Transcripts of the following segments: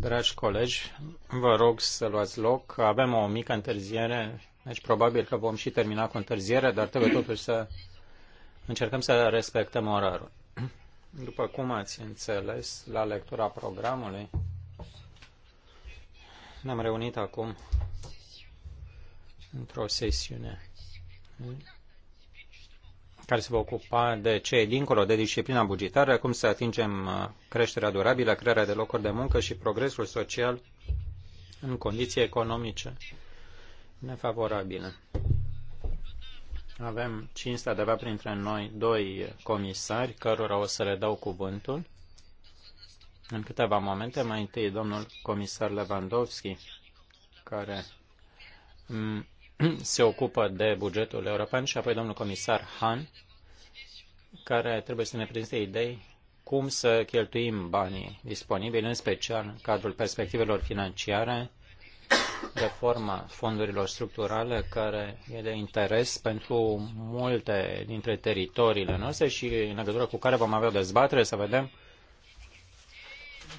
Dragi colegi, vă rog să luați loc. Avem o mică întârziere, deci probabil că vom și termina cu întârziere, dar trebuie totuși să încercăm să respectăm orarul. După cum ați înțeles la lectura programului, ne-am reunit acum într-o sesiune care se va ocupa de ce e dincolo de disciplina bugetară, cum să atingem uh, creșterea durabilă, crearea de locuri de muncă și progresul social în condiții economice nefavorabile. Avem cinstea de avea printre noi doi comisari, cărora o să le dau cuvântul. În câteva momente, mai întâi domnul comisar Lewandowski, care se ocupă de bugetul european și apoi domnul comisar Han, care trebuie să ne prezinte idei cum să cheltuim banii disponibili, în special în cadrul perspectivelor financiare, reforma fondurilor structurale care e de interes pentru multe dintre teritoriile noastre și în legătură cu care vom avea o dezbatere să vedem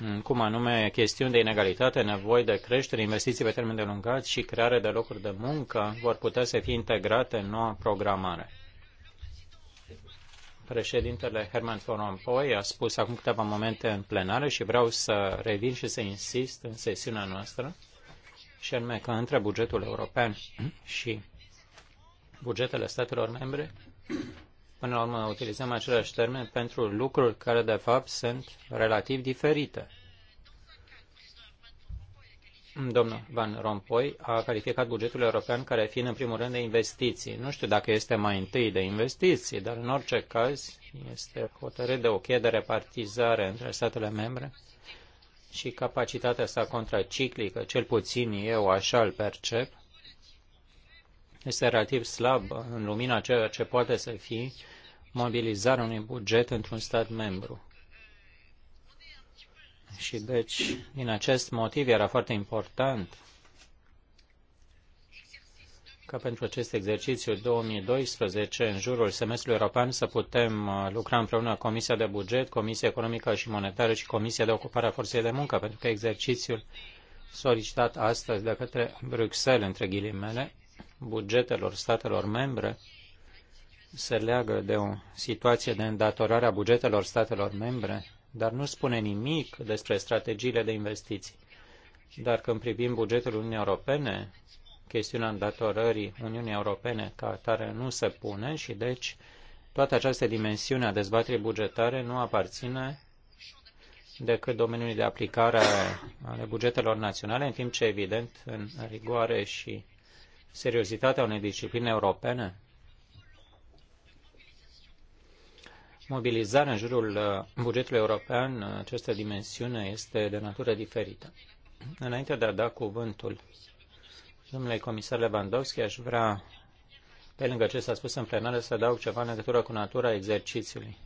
Mm, cum anume chestiuni de inegalitate, nevoi de creștere, investiții pe termen de lungat și creare de locuri de muncă vor putea să fie integrate în noua programare. Președintele Herman Van Rompuy a spus acum câteva momente în plenară și vreau să revin și să insist în sesiunea noastră, și anume că între bugetul european și bugetele statelor membre Până la urmă, utilizăm aceleași termeni pentru lucruri care, de fapt, sunt relativ diferite. Domnul Van Rompuy a calificat bugetul european care fiind în primul rând de investiții. Nu știu dacă este mai întâi de investiții, dar în orice caz este hotărât de o cheie de repartizare între statele membre și capacitatea sa contraciclică, cel puțin eu așa îl percep, este relativ slab în lumina ceea ce poate să fie mobilizarea unui buget într-un stat membru. Și deci, din acest motiv, era foarte important ca pentru acest exercițiu 2012, în jurul semestrului european, să putem uh, lucra împreună Comisia de Buget, Comisia Economică și Monetară și Comisia de Ocupare a Forței de Muncă, pentru că exercițiul solicitat astăzi de către Bruxelles, între ghilimele, bugetelor statelor membre se leagă de o situație de îndatorare a bugetelor statelor membre, dar nu spune nimic despre strategiile de investiții. Dar când privim bugetul Uniunii Europene, chestiunea îndatorării Uniunii Europene ca atare nu se pune și deci toată această dimensiune a dezbaterii bugetare nu aparține decât domeniului de aplicare ale bugetelor naționale, în timp ce, evident, în rigoare și seriozitatea unei discipline europene? Mobilizarea în jurul uh, bugetului european, uh, această dimensiune este de natură diferită. Înainte de a da cuvântul domnule comisar Lewandowski, aș vrea, pe lângă ce s-a spus în plenară, să adaug ceva în legătură cu natura exercițiului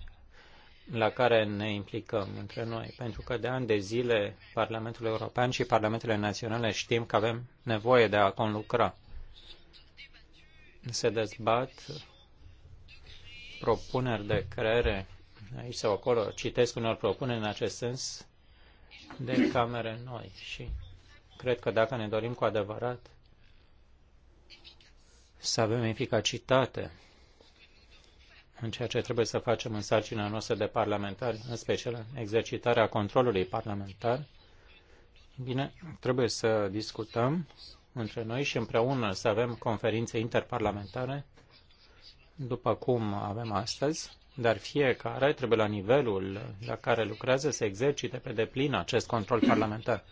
la care ne implicăm între noi, pentru că de ani de zile Parlamentul European și Parlamentele Naționale știm că avem nevoie de a conlucra se dezbat propuneri de creere aici sau acolo, citesc unor propuneri în acest sens de camere noi și cred că dacă ne dorim cu adevărat să avem eficacitate în ceea ce trebuie să facem în sarcina noastră de parlamentari, în special în exercitarea controlului parlamentar, bine, trebuie să discutăm între noi și împreună să avem conferințe interparlamentare, după cum avem astăzi, dar fiecare trebuie la nivelul la care lucrează să exercite pe deplin acest control parlamentar,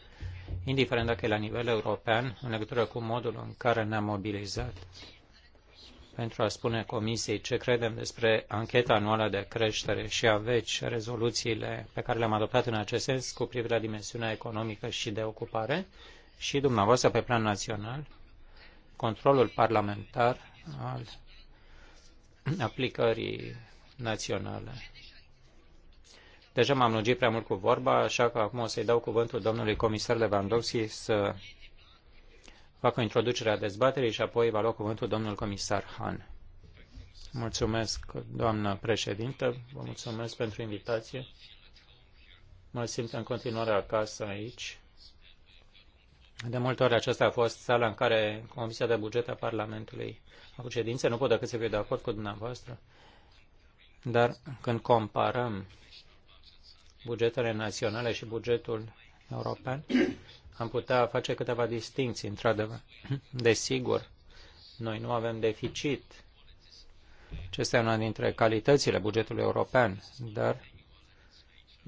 indiferent dacă e la nivel european, în legătură cu modul în care ne-am mobilizat pentru a spune Comisiei ce credem despre ancheta anuală de creștere și a veci rezoluțiile pe care le-am adoptat în acest sens cu privire la dimensiunea economică și de ocupare și dumneavoastră pe plan național, controlul parlamentar al aplicării naționale. Deja m-am lungit prea mult cu vorba, așa că acum o să-i dau cuvântul domnului comisar Lewandowski să facă introducerea dezbaterii și apoi va lua cuvântul domnul comisar Han. Mulțumesc, doamnă președintă, vă mulțumesc pentru invitație. Mă simt în continuare acasă aici de multe ori aceasta a fost sala în care Comisia de Buget a Parlamentului a avut ședințe. Nu pot decât să fiu de acord cu dumneavoastră. Dar când comparăm bugetele naționale și bugetul european, am putea face câteva distinții, într-adevăr. Desigur, noi nu avem deficit. Acesta e una dintre calitățile bugetului european, dar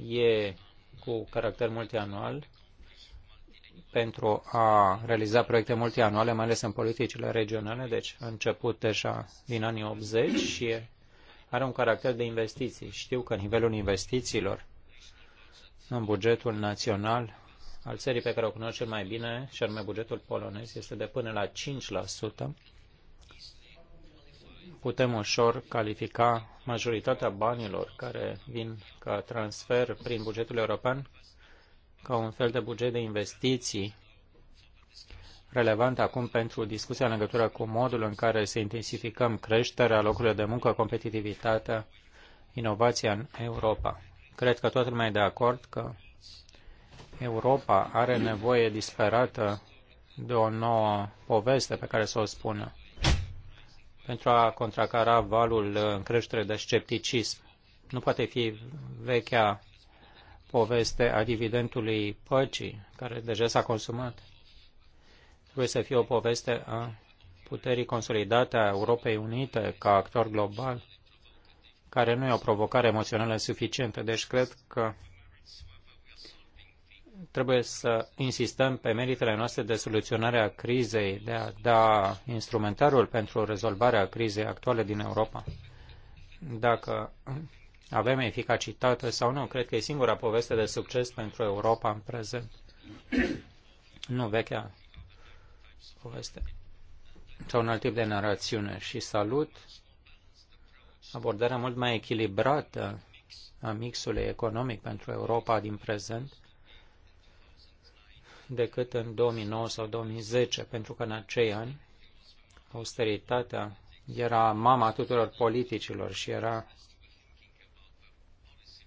e cu caracter multianual pentru a realiza proiecte multianuale, mai ales în politicile regionale, deci a început deja din anii 80 și are un caracter de investiții. Știu că nivelul investițiilor în bugetul național al țării pe care o cunosc cel mai bine, și anume bugetul polonez, este de până la 5%. Putem ușor califica majoritatea banilor care vin ca transfer prin bugetul european ca un fel de buget de investiții relevant acum pentru discuția în legătură cu modul în care să intensificăm creșterea locurilor de muncă, competitivitatea, inovația în Europa. Cred că toată lumea e de acord că Europa are nevoie disperată de o nouă poveste pe care să o spună pentru a contracara valul în creștere de scepticism. Nu poate fi vechea poveste a dividendului păcii, care deja s-a consumat. Trebuie să fie o poveste a puterii consolidate a Europei Unite ca actor global, care nu e o provocare emoțională suficientă. Deci cred că trebuie să insistăm pe meritele noastre de soluționare a crizei, de a da instrumentarul pentru rezolvarea crizei actuale din Europa. Dacă avem eficacitate sau nu. Cred că e singura poveste de succes pentru Europa în prezent. nu vechea poveste sau un alt tip de narațiune. Și salut abordarea mult mai echilibrată a mixului economic pentru Europa din prezent decât în 2009 sau 2010, pentru că în acei ani austeritatea era mama tuturor politicilor și era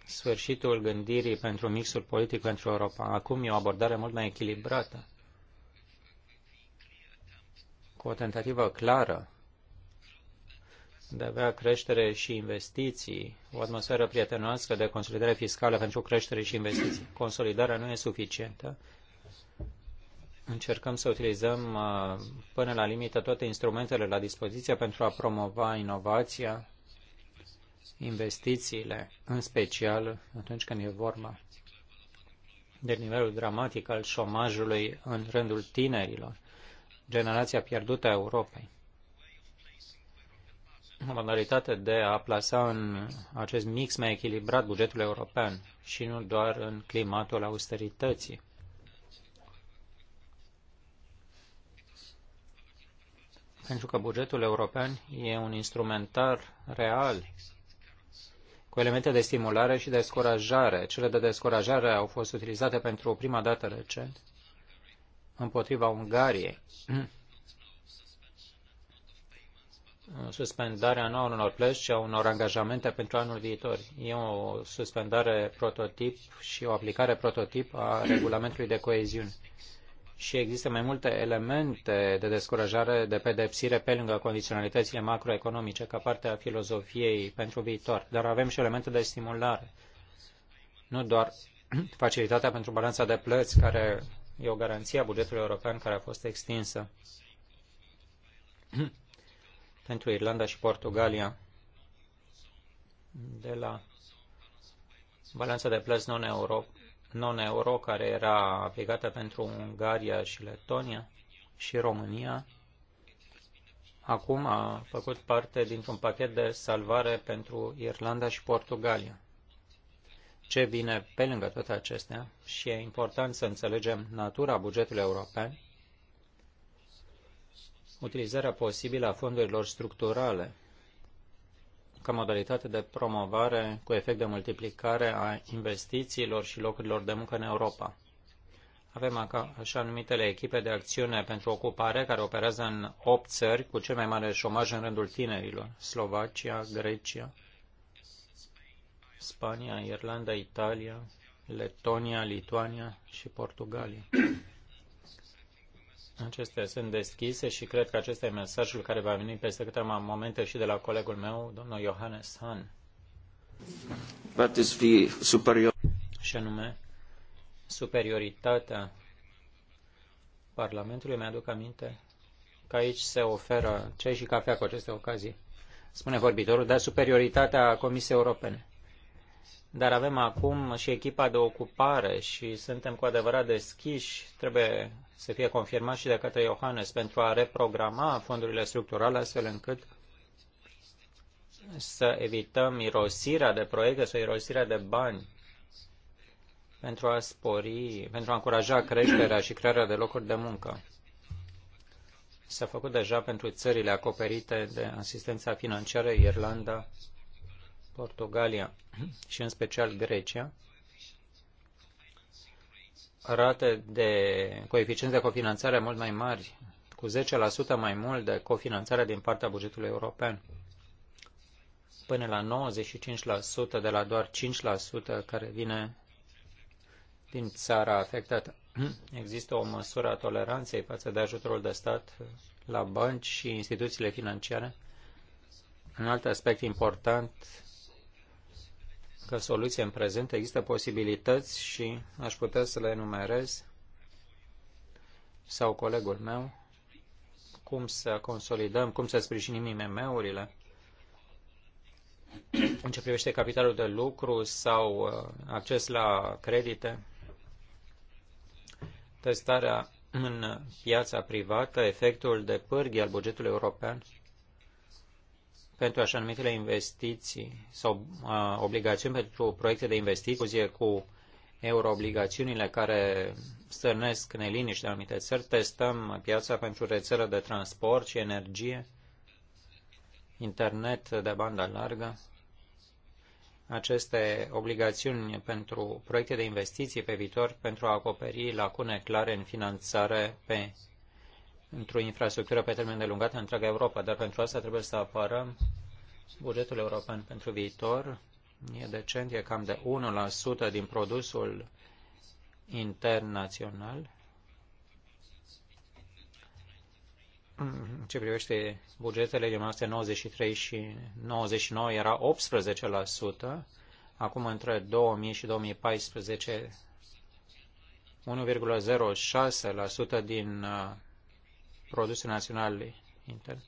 sfârșitul gândirii pentru mixul politic pentru Europa. Acum e o abordare mult mai echilibrată, cu o tentativă clară de a avea creștere și investiții, o atmosferă prietenoasă de consolidare fiscală pentru creștere și investiții. Consolidarea nu e suficientă. Încercăm să utilizăm uh, până la limită toate instrumentele la dispoziție pentru a promova inovația, investițiile, în special atunci când e vorba de nivelul dramatic al șomajului în rândul tinerilor, generația pierdută a Europei. O modalitate de a plasa în acest mix mai echilibrat bugetul european și nu doar în climatul austerității. Pentru că bugetul european e un instrumentar real cu elemente de stimulare și de descurajare. Cele de descurajare au fost utilizate pentru prima dată recent împotriva Ungariei. Suspendarea nu a unor plăci, ci a unor angajamente pentru anul viitor. E o suspendare prototip și o aplicare prototip a regulamentului de coeziune și există mai multe elemente de descurajare de pedepsire pe lângă condiționalitățile macroeconomice ca parte a filozofiei pentru viitor, dar avem și elemente de stimulare. Nu doar facilitatea pentru balanța de plăți, care e o garanție a bugetului european care a fost extinsă pentru Irlanda și Portugalia de la balanța de plăți non-euro non-euro care era aplicată pentru Ungaria și Letonia și România, acum a făcut parte dintr-un pachet de salvare pentru Irlanda și Portugalia. Ce vine pe lângă toate acestea și e important să înțelegem natura bugetului european, utilizarea posibilă a fondurilor structurale ca modalitate de promovare cu efect de multiplicare a investițiilor și locurilor de muncă în Europa. Avem așa numitele echipe de acțiune pentru ocupare care operează în 8 țări cu cel mai mare șomaj în rândul tinerilor. Slovacia, Grecia, Spania, Irlanda, Italia, Letonia, Lituania și Portugalia. Acestea sunt deschise și cred că acesta e mesajul care va veni peste câteva momente și de la colegul meu, domnul Johannes Han. superior. Și anume, superioritatea Parlamentului, mi-aduc aminte că aici se oferă ceai și cafea cu aceste ocazii, spune vorbitorul, dar superioritatea Comisiei Europene dar avem acum și echipa de ocupare și suntem cu adevărat deschiși, trebuie să fie confirmat și de către Iohannes pentru a reprograma fondurile structurale astfel încât să evităm irosirea de proiecte sau irosirea de bani pentru a spori, pentru a încuraja creșterea și crearea de locuri de muncă. S-a făcut deja pentru țările acoperite de asistența financiară Irlanda, Portugalia și în special Grecia, rate de coeficienți de cofinanțare mult mai mari, cu 10% mai mult de cofinanțare din partea bugetului european, până la 95% de la doar 5% care vine din țara afectată. Există o măsură a toleranței față de ajutorul de stat la bănci și instituțiile financiare. Un alt aspect important ca soluție în prezent. Există posibilități și aș putea să le enumerez sau colegul meu cum să consolidăm, cum să sprijinim IMM-urile în ce privește capitalul de lucru sau uh, acces la credite, testarea în piața privată, efectul de pârghi al bugetului european pentru așa numitele investiții sau uh, obligațiuni pentru proiecte de investiții cu euroobligațiunile care stârnesc neliniște în anumite țări. Testăm piața pentru rețele de transport și energie, internet de bandă largă. Aceste obligațiuni pentru proiecte de investiții pe viitor pentru a acoperi lacune clare în finanțare pe într-o infrastructură pe termen de lungat în întreaga Europa, dar pentru asta trebuie să apărăm bugetul european pentru viitor. E decent, e cam de 1% din produsul intern național. ce privește bugetele din 1993 și 99 era 18%, acum între 2000 și 2014 1,06% din uh, produsul național intern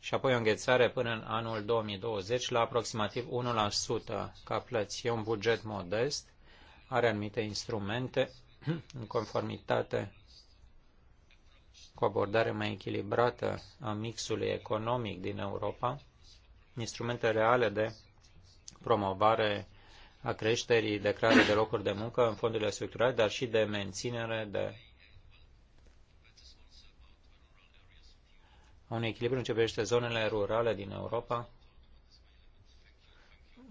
și apoi o înghețare până în anul 2020 la aproximativ 1% ca plăți. E un buget modest, are anumite instrumente în conformitate cu abordare mai echilibrată a mixului economic din Europa, instrumente reale de promovare a creșterii de creare de locuri de muncă în fondurile structurale, dar și de menținere, de un echilibru în ce privește zonele rurale din Europa.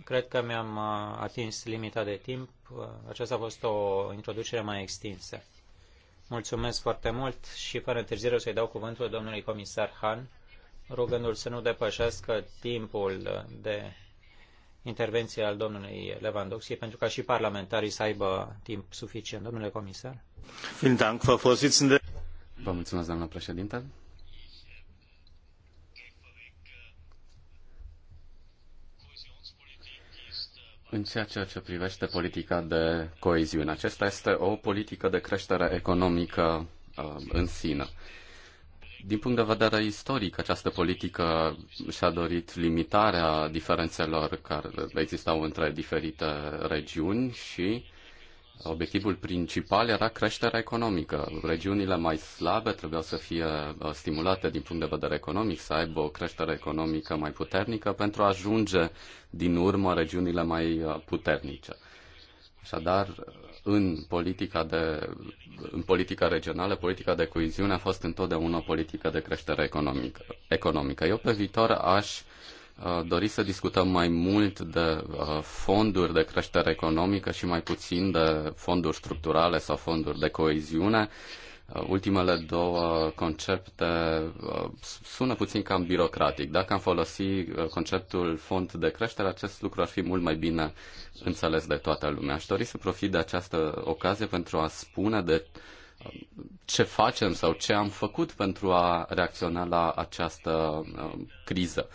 Cred că mi-am uh, atins limita de timp. Uh, aceasta a fost o introducere mai extinsă. Mulțumesc foarte mult și fără întârziere o să-i dau cuvântul domnului comisar Han, rugându-l să nu depășească timpul de intervenție al domnului Lewandowski, pentru ca și parlamentarii să aibă timp suficient. Domnule comisar. Vă mulțumesc, doamnă președinte. În ceea ce privește politica de coeziune, Aceasta este o politică de creștere economică uh, în sine. Din punct de vedere istoric, această politică și-a dorit limitarea diferențelor care existau între diferite regiuni și obiectivul principal era creșterea economică. Regiunile mai slabe trebuiau să fie uh, stimulate din punct de vedere economic, să aibă o creștere economică mai puternică pentru a ajunge din urmă regiunile mai uh, puternice. Așadar, în politica, de, în politica regională, politica de coeziune a fost întotdeauna o politică de creștere economică. economică. Eu pe viitor aș dori să discutăm mai mult de fonduri de creștere economică și mai puțin de fonduri structurale sau fonduri de coeziune. Ultimele două concepte sună puțin cam birocratic. Dacă am folosi conceptul fond de creștere, acest lucru ar fi mult mai bine înțeles de toată lumea. Aș dori să profit de această ocazie pentru a spune de ce facem sau ce am făcut pentru a reacționa la această criză.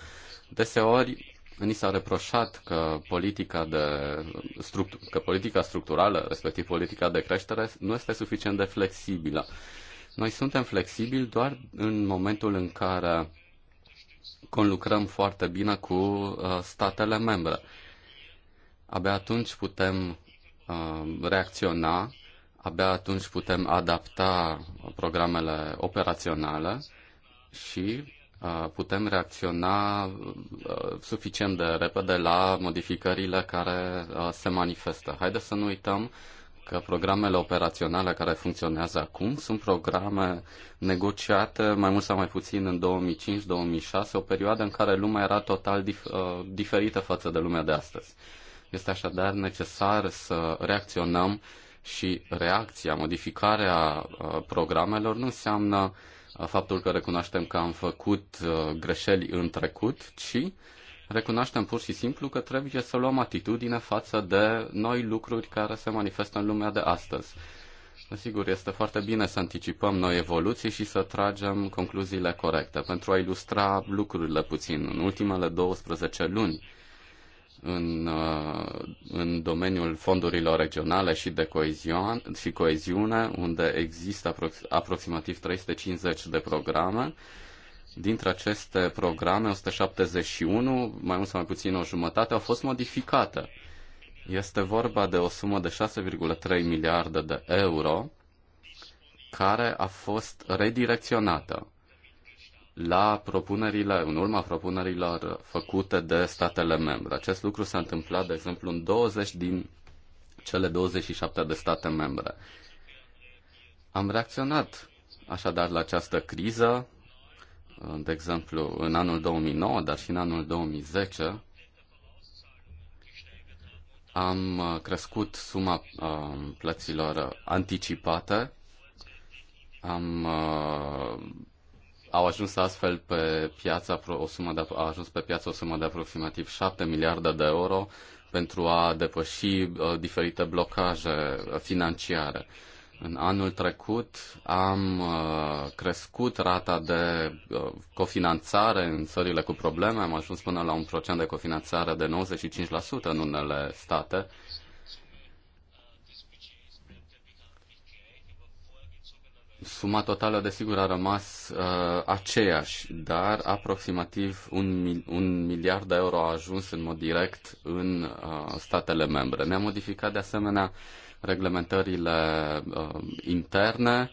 Deseori ni s-a reproșat că politica, de struct că politica structurală, respectiv politica de creștere, nu este suficient de flexibilă. Noi suntem flexibili doar în momentul în care conlucrăm foarte bine cu uh, statele membre. Abia atunci putem uh, reacționa, abia atunci putem adapta programele operaționale și putem reacționa suficient de repede la modificările care se manifestă. Haideți să nu uităm că programele operaționale care funcționează acum sunt programe negociate mai mult sau mai puțin în 2005-2006, o perioadă în care lumea era total dif- diferită față de lumea de astăzi. Este așadar necesar să reacționăm și reacția, modificarea programelor nu înseamnă uh, faptul că recunoaștem că am făcut uh, greșeli în trecut, ci recunoaștem pur și simplu că trebuie să luăm atitudine față de noi lucruri care se manifestă în lumea de astăzi. Sigur, este foarte bine să anticipăm noi evoluții și să tragem concluziile corecte. Pentru a ilustra lucrurile puțin, în ultimele 12 luni în, uh, în domeniul fondurilor regionale și de coezion, și coeziune, unde există aprox- aproximativ 350 de programe. Dintre aceste programe, 171, mai mult sau mai puțin o jumătate, au fost modificate. Este vorba de o sumă de 6,3 miliarde de euro care a fost redirecționată la propunerile, în urma propunerilor făcute de statele membre. Acest lucru s-a întâmplat, de exemplu, în 20 din cele 27 de state membre. Am reacționat așadar la această criză, de exemplu, în anul 2009, dar și în anul 2010, am crescut suma uh, plăților anticipate, am uh, au ajuns astfel pe piața o sumă de, au ajuns pe piață o sumă de aproximativ 7 miliarde de euro pentru a depăși uh, diferite blocaje uh, financiare. În anul trecut am uh, crescut rata de cofinanțare în țările cu probleme, am ajuns până la un procent de cofinanțare de 95% în unele state Suma totală, desigur, a rămas uh, aceeași, dar aproximativ un, mil- un miliard de euro a ajuns în mod direct în uh, statele membre. Ne-a modificat, de asemenea, reglementările uh, interne,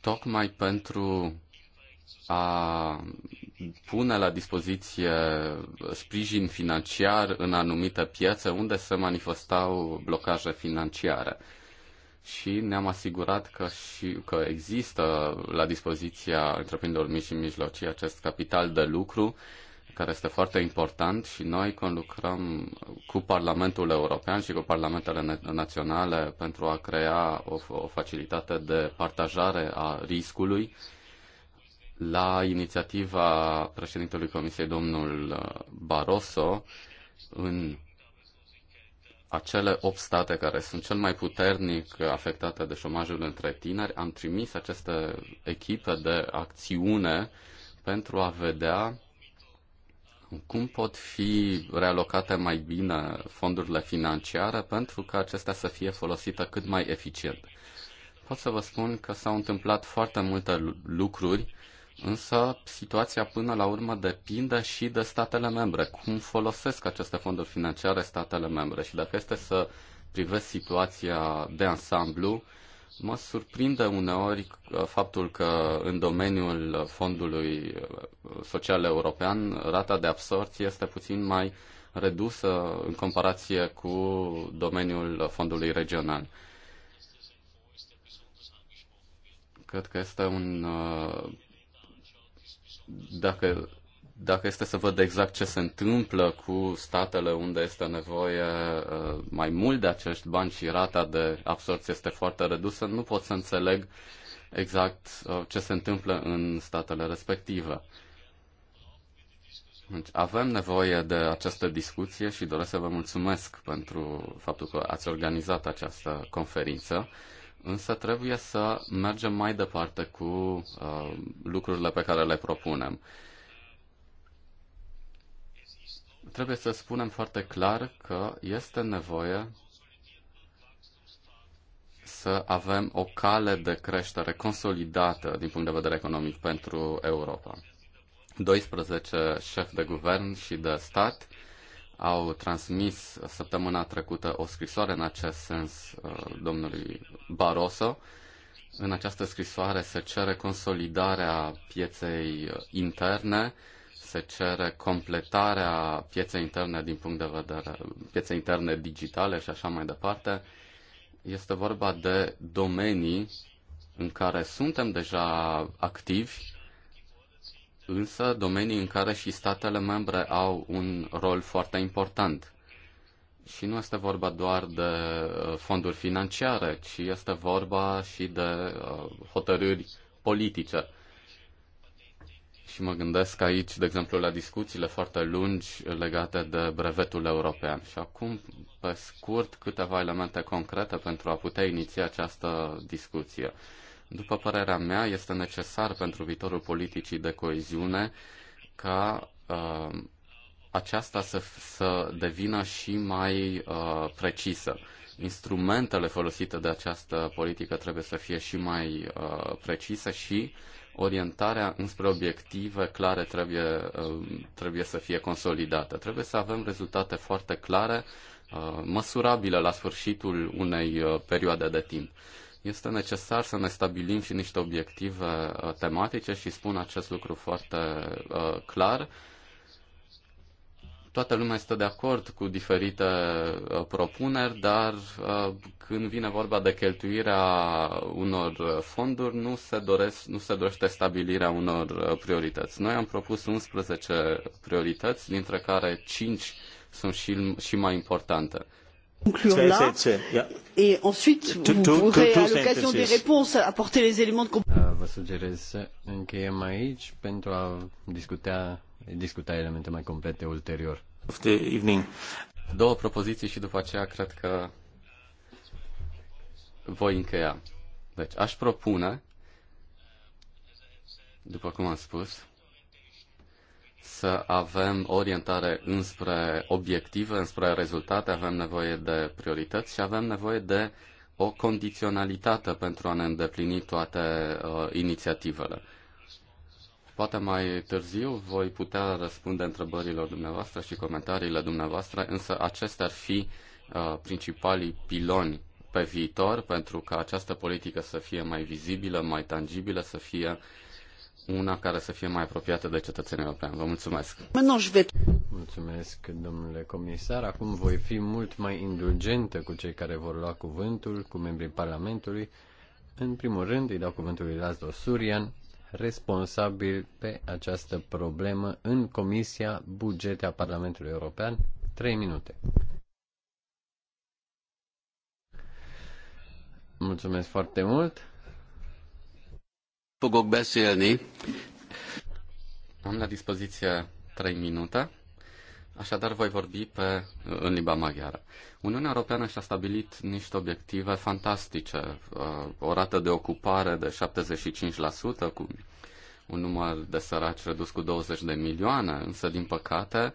tocmai pentru a pune la dispoziție sprijin financiar în anumite piețe unde se manifestau blocaje financiare. Uh, și ne-am asigurat că, și, că există la dispoziția întreprinderilor mici și mijlocii acest capital de lucru care este foarte important și noi conlucrăm cu Parlamentul European și cu Parlamentele Naționale pentru a crea o, o facilitate de partajare a riscului la inițiativa președintelui Comisiei, domnul uh, Barroso, în acele 8 state care sunt cel mai puternic afectate de șomajul între tineri, am trimis aceste echipe de acțiune pentru a vedea cum pot fi realocate mai bine fondurile financiare pentru ca acestea să fie folosite cât mai eficient. Pot să vă spun că s-au întâmplat foarte multe lucruri Însă situația până la urmă depinde și de statele membre. Cum folosesc aceste fonduri financiare statele membre? Și dacă este să privesc situația de ansamblu, mă surprinde uneori uh, faptul că în domeniul fondului uh, social european rata de absorție este puțin mai redusă în comparație cu domeniul fondului regional. Cred că este un uh, dacă, dacă este să văd exact ce se întâmplă cu statele unde este nevoie uh, mai mult de acești bani și rata de absorție este foarte redusă, nu pot să înțeleg exact uh, ce se întâmplă în statele respective. Deci avem nevoie de această discuție și doresc să vă mulțumesc pentru faptul că ați organizat această conferință. Însă trebuie să mergem mai departe cu uh, lucrurile pe care le propunem. Trebuie să spunem foarte clar că este nevoie să avem o cale de creștere consolidată din punct de vedere economic pentru Europa. 12 șefi de guvern și de stat au transmis săptămâna trecută o scrisoare în acest sens uh, domnului Barroso. În această scrisoare se cere consolidarea pieței interne, se cere completarea pieței interne din punct de vedere pieței interne digitale și așa mai departe. Este vorba de domenii în care suntem deja activi însă domenii în care și statele membre au un rol foarte important. Și nu este vorba doar de uh, fonduri financiare, ci este vorba și de uh, hotărâri politice. Și mă gândesc aici, de exemplu, la discuțiile foarte lungi legate de brevetul european. Și acum, pe scurt, câteva elemente concrete pentru a putea iniția această discuție. Uh, după părerea mea, este necesar pentru viitorul politicii de coeziune ca uh, aceasta să, să devină și mai uh, precisă. Instrumentele folosite de această politică trebuie să fie și mai uh, precise și orientarea înspre obiective clare trebuie, uh, trebuie să fie consolidată. Trebuie să avem rezultate foarte clare, uh, măsurabile la sfârșitul unei uh, perioade de timp. Uh, este necesar să ne stabilim și niște obiective uh, tematice și spun acest lucru foarte uh, clar. Toată lumea este de acord cu diferite uh, propuneri, dar când vine vorba de cheltuirea unor fonduri, nu se, doresc, nu se dorește stabilirea unor priorități. Noi am propus 11 priorități, dintre care 5 sunt și, și mai importante conclure là. Et ensuite, vous pourrez, à l'occasion des réponses, apporter les éléments de compréhension. Euh, vă mai ulterior. Două propoziții și după aceea cred că voi încheia. Deci aș propune, după cum am spus, să avem orientare înspre obiective, înspre rezultate, avem nevoie de priorități și avem nevoie de o condiționalitate pentru a ne îndeplini toate uh, inițiativele. Poate mai târziu voi putea răspunde întrebărilor dumneavoastră și comentariile dumneavoastră, însă acestea ar fi uh, principalii piloni pe viitor pentru ca această politică să fie mai vizibilă, mai tangibilă, să fie uh, una care să fie mai apropiată de cetățenii europeni. Vă mulțumesc! Mulțumesc, domnule comisar. Acum voi fi mult mai indulgentă cu cei care vor lua cuvântul, cu membrii Parlamentului. În primul rând, îi dau cuvântul lui Lazlo Surian, responsabil pe această problemă în Comisia Bugete a Parlamentului European. Trei minute. Mulțumesc foarte mult fogok beszélni. Am la dispoziție 3 minute, așadar voi vorbi pe, în limba maghiară. Uniunea Europeană și-a stabilit niște obiective fantastice, uh, o rată de ocupare de 75%, cu un număr de săraci redus cu 20 de milioane, însă, din păcate,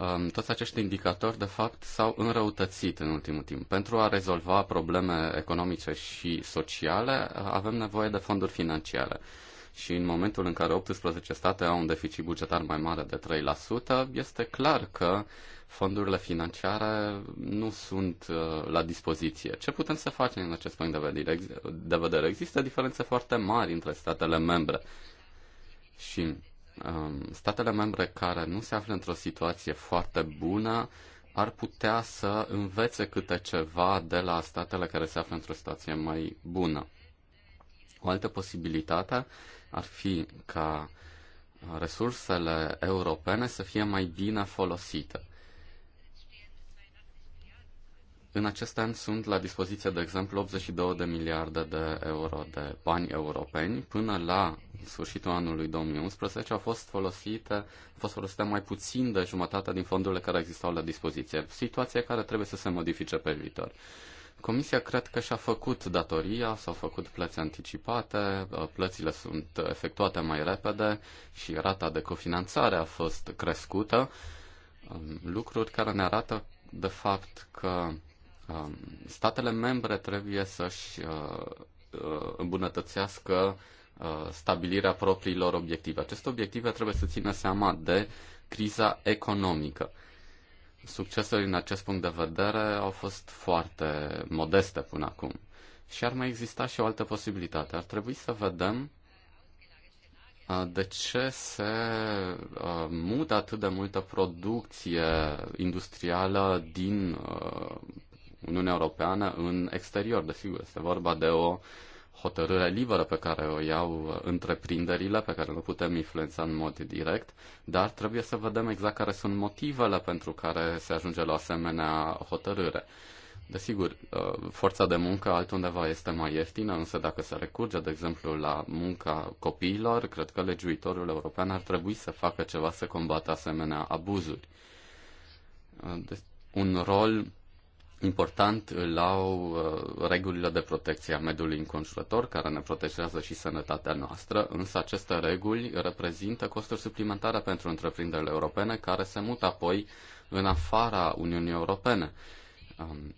Um, toți acești indicatori, de fapt, s-au înrăutățit în ultimul timp. Pentru a rezolva probleme economice și sociale, avem nevoie de fonduri financiare. Și în momentul în care 18 state au un deficit bugetar mai mare de 3%, este clar că fondurile financiare nu sunt uh, la dispoziție. Ce putem să facem în acest punct de vedere? De vedere? Există diferențe foarte mari între statele membre. Și Um, statele membre care nu se află într-o situație foarte bună ar putea să învețe câte ceva de la statele care se află într-o situație mai bună. O altă posibilitate ar fi ca resursele europene să fie mai bine folosite. În acest an sunt la dispoziție, de exemplu, 82 de miliarde de euro de bani europeni până la sfârșitul anului 2011 au fost folosite, au fost folosite mai puțin de jumătate din fondurile care existau la dispoziție. Situația care trebuie să se modifice pe viitor. Comisia cred că și-a făcut datoria, s-au făcut plăți anticipate, uh, plățile sunt efectuate mai repede și rata de cofinanțare a fost crescută, um, lucruri care ne arată de fapt că um, statele membre trebuie să-și uh, uh, îmbunătățească uh, Uh, stabilirea propriilor obiective. Aceste obiective trebuie să țină seama de criza economică. Succesele în acest punct de vedere au fost foarte modeste până acum. Și ar mai exista și o altă posibilitate. Ar trebui să vedem uh, de ce se uh, mută atât de multă producție industrială din Uniunea Europeană în exterior. Desigur, este vorba de o uh, hotărâre liberă pe care o iau uh, întreprinderile, pe care nu putem influența în mod direct, dar trebuie să vedem exact care sunt motivele pentru care se ajunge la asemenea hotărâre. Desigur, uh, forța de muncă altundeva este mai ieftină, însă dacă se recurge, de exemplu, la munca copiilor, cred că legiuitorul european ar trebui să facă ceva să combată asemenea abuzuri. Uh, un rol important îl au uh, regulile de protecție a mediului înconjurător, care ne protejează și sănătatea noastră, însă aceste reguli reprezintă costuri suplimentare pentru întreprinderile europene care se mută apoi în afara Uniunii Europene. Um,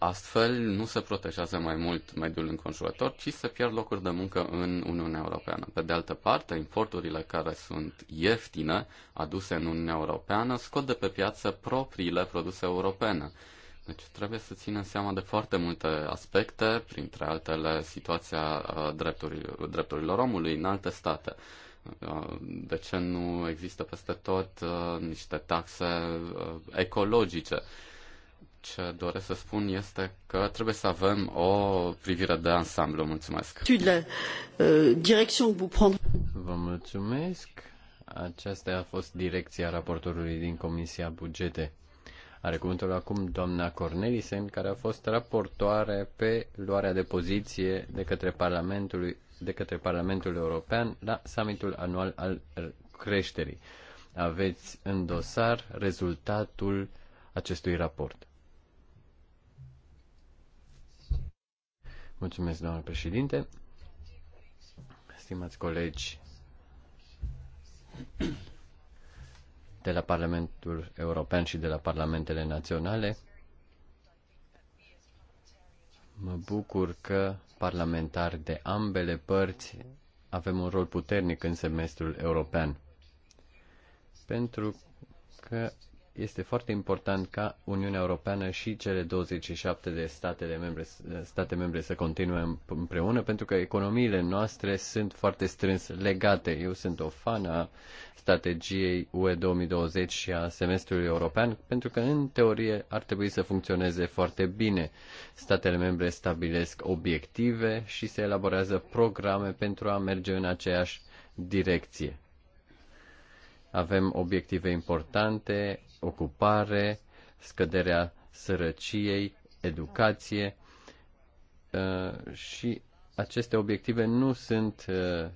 Astfel, nu se protejează mai mult mediul înconjurător, ci se pierd locuri de muncă în Uniunea Europeană. Pe de altă parte, importurile care sunt ieftine, aduse în Uniunea Europeană, scot de pe piață propriile produse europene. Deci trebuie să ținem seama de foarte multe aspecte, printre altele situația uh, drepturilor, drepturilor omului în alte state. Uh, de ce nu există peste tot uh, niște taxe ecologice? ce doresc să spun este că trebuie să avem o privire de ansamblu. Mulțumesc. Uh, Vă mulțumesc. Aceasta a fost direcția raportorului din Comisia Bugete. Are cuvântul acum doamna Cornelisen, care a fost raportoare pe luarea de poziție de către Parlamentul, de către Parlamentul European la summitul anual al creșterii. Aveți în dosar rezultatul acestui raport. Mulțumesc, doamnă președinte. Stimați colegi de la Parlamentul European și de la Parlamentele Naționale, mă bucur că parlamentari de ambele părți avem un rol puternic în semestrul european. Pentru că este foarte important ca Uniunea Europeană și cele 27 de de membre, state membre să continue împreună, pentru că economiile noastre sunt foarte strâns legate. Eu sunt o fană a strategiei UE 2020 și a semestrului european, pentru că, în teorie, ar trebui să funcționeze foarte bine. Statele membre stabilesc obiective și se elaborează programe pentru a merge în aceeași direcție avem obiective importante, ocupare, scăderea sărăciei, educație uh, și aceste obiective nu sunt uh,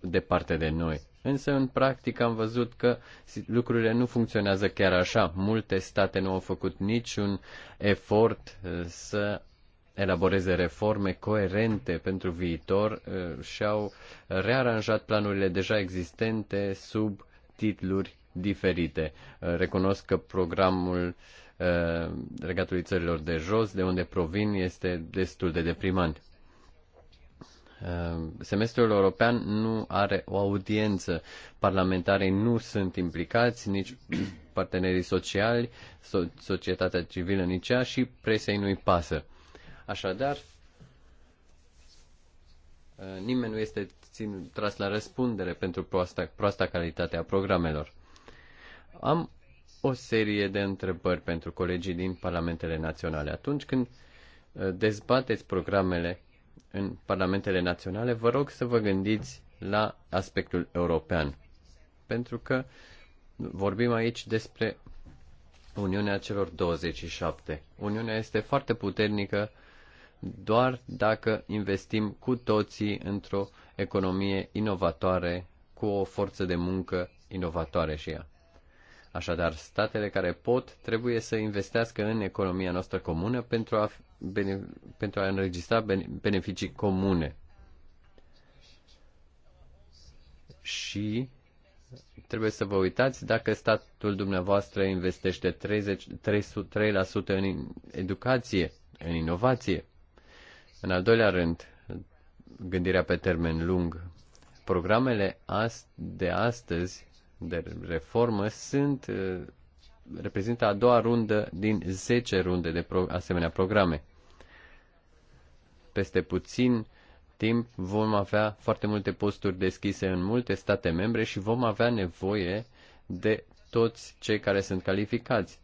departe de noi. Însă, în practică, am văzut că lucrurile nu funcționează chiar așa. Multe state nu au făcut niciun efort uh, să elaboreze reforme coerente pentru viitor uh, și-au rearanjat planurile deja existente sub titluri diferite. Uh, recunosc că programul uh, Regatului Țărilor de Jos, de unde provin, este destul de deprimant. Semestrul european nu are o audiență, parlamentarii nu sunt implicați, nici partenerii sociali, societatea civilă nici ea și presei nu-i pasă. Așadar, nimeni nu este țin, tras la răspundere pentru proasta, proasta calitate a programelor. Am o serie de întrebări pentru colegii din parlamentele naționale. Atunci când uh, dezbateți programele în parlamentele naționale, vă rog să vă gândiți la aspectul european. Pentru că vorbim aici despre Uniunea celor 27. Uniunea este foarte puternică doar dacă investim cu toții într-o economie inovatoare, cu o forță de muncă inovatoare și ea. Așadar, statele care pot trebuie să investească în economia noastră comună pentru a, pentru a înregistra beneficii comune. Și trebuie să vă uitați dacă statul dumneavoastră investește 30, 300, 3% în educație, în inovație, în al doilea rând, gândirea pe termen lung. Programele de astăzi de reformă sunt uh, reprezintă a doua rundă din 10 runde de pro- asemenea programe. Peste puțin timp vom avea foarte multe posturi deschise în multe state membre și vom avea nevoie de toți cei care sunt calificați.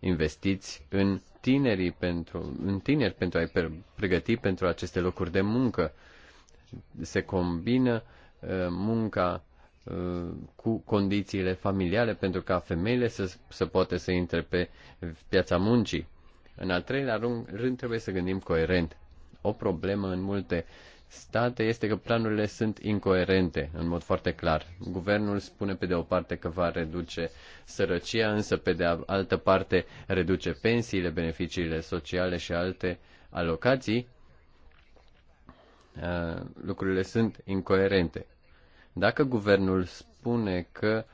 Investiți în tinerii pentru, în tineri pentru a-i pregăti pentru aceste locuri de muncă. Se combină uh, munca uh, cu condițiile familiale pentru ca femeile să, să poată să intre pe piața muncii. În al treilea rând, trebuie să gândim coerent. O problemă în multe state este că planurile sunt incoerente în mod foarte clar. Guvernul spune pe de o parte că va reduce sărăcia, însă pe de altă parte reduce pensiile, beneficiile sociale și alte alocații. Uh, lucrurile sunt incoerente. Dacă guvernul spune că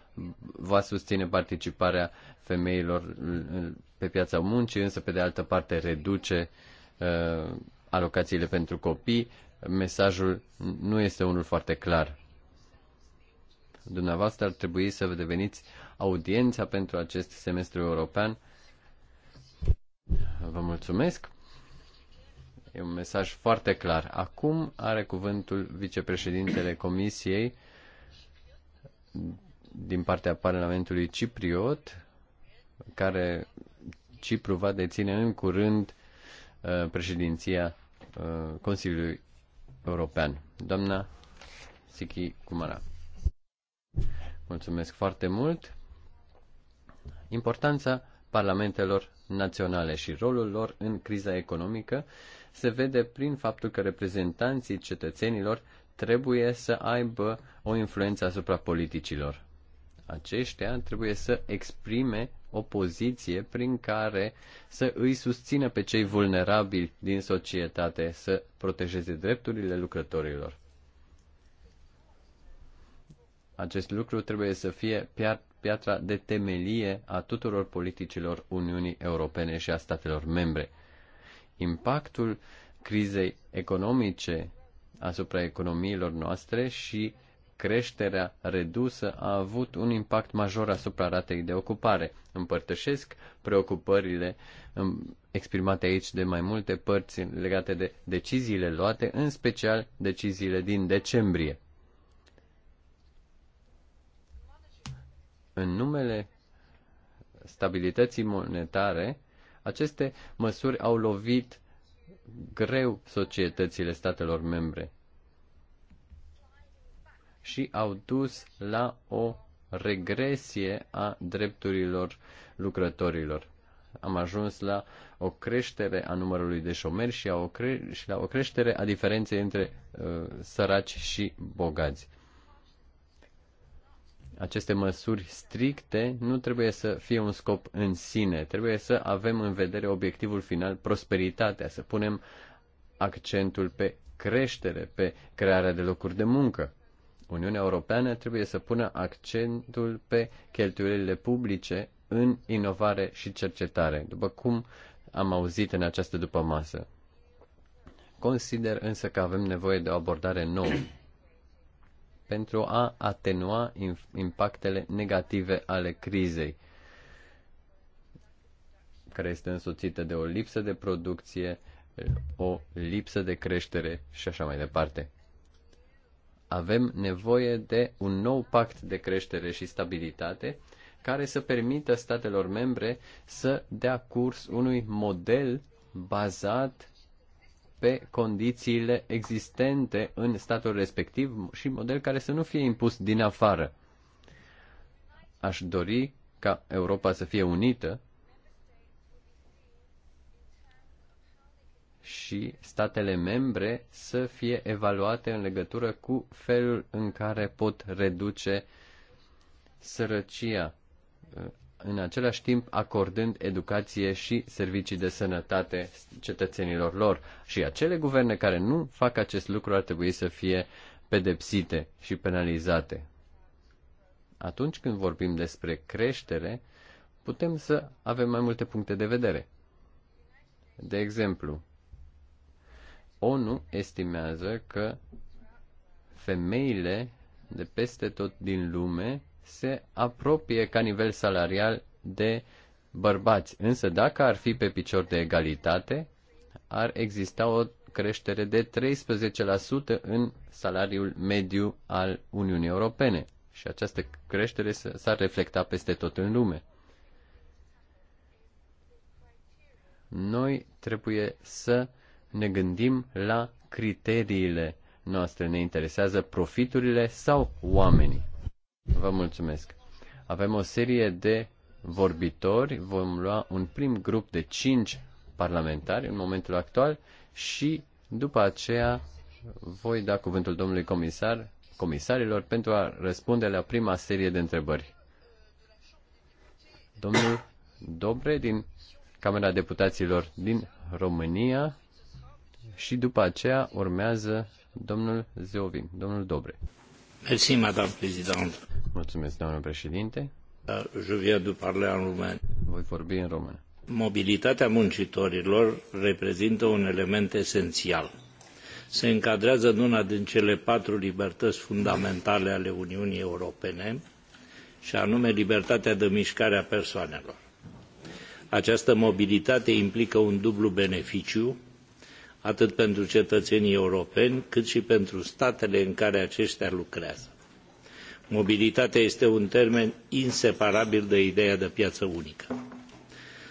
va susține participarea femeilor pe piața muncii, însă pe de altă parte reduce uh, alocațiile pentru copii, mesajul nu este unul foarte clar. Dumneavoastră ar trebui să deveniți audiența pentru acest semestru european. Vă mulțumesc. E un mesaj foarte clar. Acum are cuvântul vicepreședintele Comisiei din partea Parlamentului Cipriot, care Cipru va deține în curând uh, președinția uh, Consiliului european. Doamna Siki Kumara. Mulțumesc foarte mult. Importanța parlamentelor naționale și rolul lor în criza economică se vede prin faptul că reprezentanții cetățenilor trebuie să aibă o influență asupra politicilor. Aceștia trebuie să exprime o poziție prin care să îi susțină pe cei vulnerabili din societate să protejeze drepturile lucrătorilor. Acest lucru trebuie să fie piatra de temelie a tuturor politicilor Uniunii Europene și a statelor membre. Impactul crizei economice asupra economiilor noastre și creșterea redusă a avut un impact major asupra ratei de ocupare. Împărtășesc preocupările um, exprimate aici de mai multe părți legate de deciziile luate, în special deciziile din decembrie. În numele stabilității monetare, aceste măsuri au lovit greu societățile statelor membre și au dus la o regresie a drepturilor lucrătorilor. Am ajuns la o creștere a numărului de șomeri și, a o cre- și la o creștere a diferenței între uh, săraci și bogați. Aceste măsuri stricte nu trebuie să fie un scop în sine, trebuie să avem în vedere obiectivul final, prosperitatea, să punem accentul pe creștere, pe crearea de locuri de muncă. Uniunea Europeană trebuie să pună accentul pe cheltuielile publice în inovare și cercetare, după cum am auzit în această dupămasă. Consider însă că avem nevoie de o abordare nouă pentru a atenua impactele negative ale crizei, care este însoțită de o lipsă de producție, o lipsă de creștere și așa mai departe. Avem nevoie de un nou pact de creștere și stabilitate care să permită statelor membre să dea curs unui model bazat pe condițiile existente în statul respectiv și model care să nu fie impus din afară. Aș dori ca Europa să fie unită și statele membre să fie evaluate în legătură cu felul în care pot reduce sărăcia, uh, în același timp acordând educație și servicii de sănătate cetățenilor lor. Și acele guverne care nu fac acest lucru ar trebui să fie pedepsite și penalizate. Atunci când vorbim despre creștere, putem să avem mai multe puncte de vedere. De exemplu, ONU estimează că femeile de peste tot din lume se apropie ca nivel salarial de bărbați. Însă dacă ar fi pe picior de egalitate, ar exista o creștere de 13% în salariul mediu al Uniunii Europene. Și această creștere s-ar reflecta peste tot în lume. Noi trebuie să ne gândim la criteriile noastre. Ne interesează profiturile sau oamenii. Vă mulțumesc. Avem o serie de vorbitori. Vom lua un prim grup de 5 parlamentari în momentul actual și după aceea voi da cuvântul domnului comisar, comisarilor pentru a răspunde la prima serie de întrebări. Domnul Dobre din Camera Deputaților din România și după aceea urmează domnul Zeovin, domnul Dobre. Merci, madame président. Mulțumesc, domnule președinte. Da, je viens de parler en roumain. Voi vorbi în română. Mobilitatea muncitorilor reprezintă un element esențial. Se încadrează în una din cele patru libertăți fundamentale ale Uniunii Europene, și anume libertatea de mișcare a persoanelor. Această mobilitate implică un dublu beneficiu atât pentru cetățenii europeni, cât și pentru statele în care aceștia lucrează. Mobilitatea este un termen inseparabil de ideea de piață unică.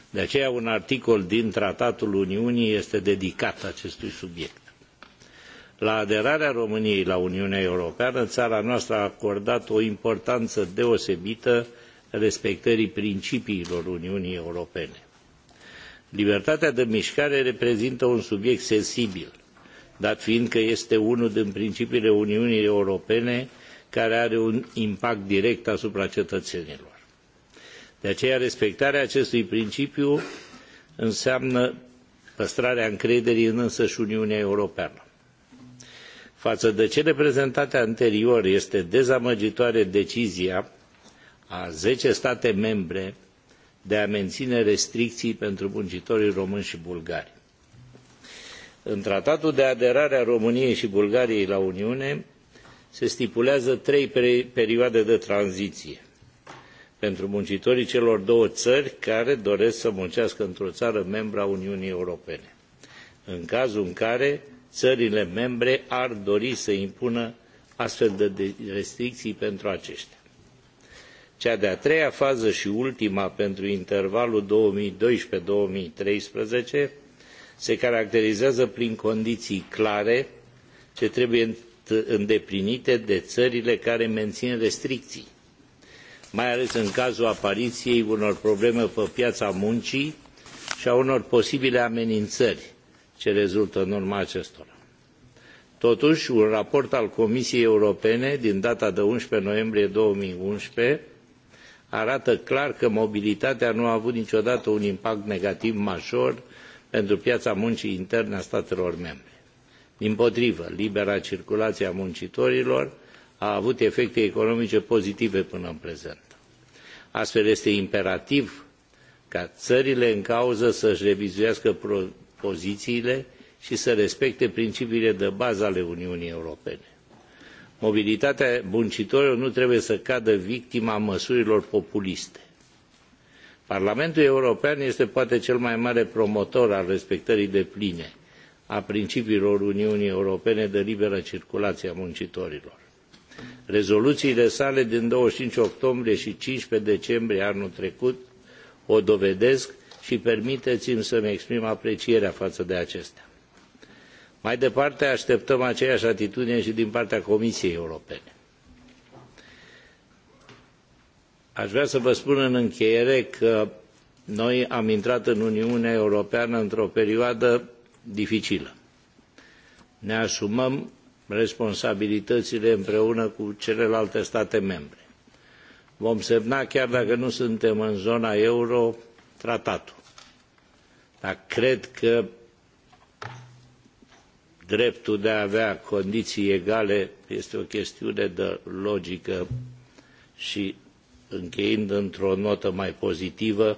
De aceea un articol din Tratatul Uniunii este dedicat acestui subiect. La aderarea României la Uniunea Europeană, țara noastră a acordat o importanță deosebită respectării principiilor Uniunii Europene libertatea de mișcare reprezintă un subiect sensibil dat fiind că este unul din principiile uniunii europene care are un impact direct asupra cetățenilor. De aceea, respectarea acestui principiu înseamnă păstrarea încrederii în însăși Uniunea Europeană. Față de cele prezentate anterior, este dezamăgitoare decizia a zece state membre de a menține restricții pentru muncitorii români și bulgari. În tratatul de aderare a României și Bulgariei la Uniune se stipulează trei perioade de tranziție pentru muncitorii celor două țări care doresc să muncească într-o țară membră a Uniunii Europene, în cazul în care țările membre ar dori să impună astfel de restricții pentru aceștia cea de-a treia fază și ultima pentru intervalul 2012-2013 se caracterizează prin condiții clare ce trebuie îndeplinite de țările care mențin restricții, mai ales în cazul apariției unor probleme pe piața muncii și a unor posibile amenințări ce rezultă în urma acestora. Totuși, un raport al Comisiei Europene din data de 11 noiembrie 2011 arată clar că mobilitatea nu a avut niciodată un impact negativ major pentru piața muncii interne a statelor membre. Dimpotrivă, libera circulație a muncitorilor a avut efecte economice pozitive până în prezent. Astfel este imperativ ca țările în cauză să-și revizuiască pozițiile și să respecte principiile de bază ale Uniunii Europene mobilitatea muncitorilor nu trebuie să cadă victima măsurilor populiste. Parlamentul European este poate cel mai mare promotor al respectării depline a principiilor Uniunii Europene de liberă circulație a muncitorilor. Rezoluțiile sale din 25 octombrie și 15 decembrie anul trecut o dovedesc și permiteți-mi să-mi exprim aprecierea față de acestea mai departe așteptăm aceeași atitudine și din partea comisiei europene. aș vrea să vă spun în încheiere că noi am intrat în uniunea europeană într o perioadă dificilă. ne asumăm responsabilitățile împreună cu celelalte state membre. vom semna chiar dacă nu suntem în zona euro tratatul dar cred că dreptul de a avea condiții egale este o chestiune de logică și încheind într-o notă mai pozitivă,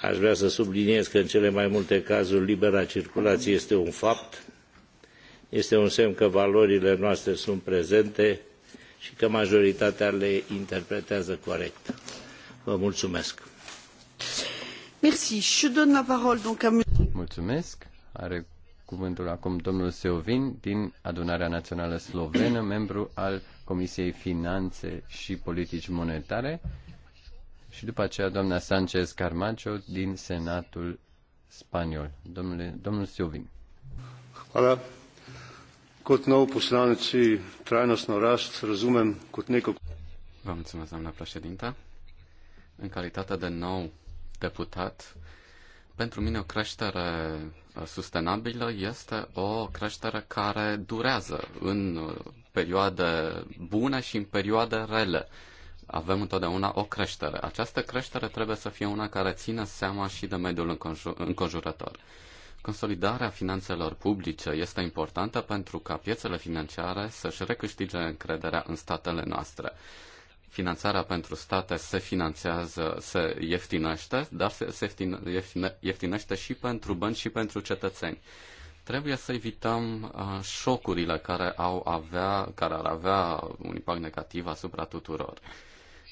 aș vrea să subliniez că în cele mai multe cazuri libera circulație este un fapt, este un semn că valorile noastre sunt prezente și că majoritatea le interpretează corect. Vă mulțumesc. Mulțumesc. Are cuvântul acum domnul Seovin din Adunarea Națională Slovenă, membru al Comisiei Finanțe și Politici Monetare și după aceea doamna Sanchez Carmacho din Senatul Spaniol. Domnule, domnul Seovin. Hvala. Kot nou poslanec trajnostno rast razumem kot neko... Vă mulțumesc, doamna președinta. În calitate de nou deputat, pentru mine o creștere uh, sustenabilă este o creștere care durează în uh, perioade bune și în perioade rele. Avem întotdeauna o creștere. Această creștere trebuie să fie una care țină seama și de mediul înconjurător. Consolidarea finanțelor publice este importantă pentru ca piețele financiare să-și recâștige încrederea în statele noastre finanțarea pentru state se finanțează, se ieftinește, dar se, se ieftine, ieftine, ieftinește și pentru bănci și pentru cetățeni. Trebuie să evităm uh, șocurile care, au avea, care ar avea un impact negativ asupra tuturor.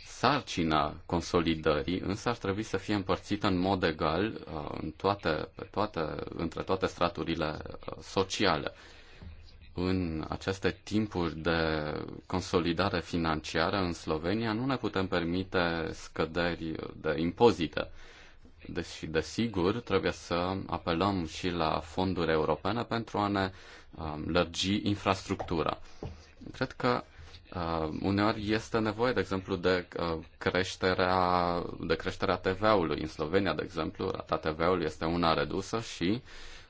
Sarcina consolidării însă ar trebui să fie împărțită în mod egal uh, în toate, pe toate, între toate straturile uh, sociale. Uh, în aceste timpuri de consolidare financiară în Slovenia nu ne putem permite scăderi de impozite. Deci, desigur, trebuie să apelăm și la fonduri europene pentru a ne um, lărgi infrastructura. Cred că uh, uneori este nevoie, de exemplu, de uh, creșterea, de creșterea TVA-ului. În Slovenia, de exemplu, rata TVA-ului este una redusă și uh,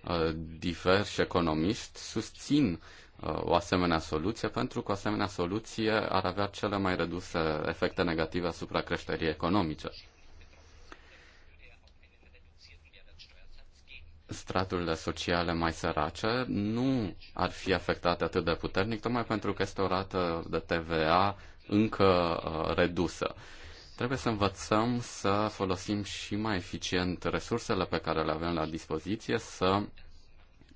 Uh, diversi economiști susțin uh, o asemenea soluție, pentru că o asemenea soluție ar avea cele mai reduse efecte negative asupra creșterii economice. straturile sociale mai sărace nu ar fi afectate atât de puternic, tocmai pentru că este o rată de TVA încă uh, redusă. Trebuie să învățăm să folosim și mai eficient resursele pe care le avem la dispoziție, să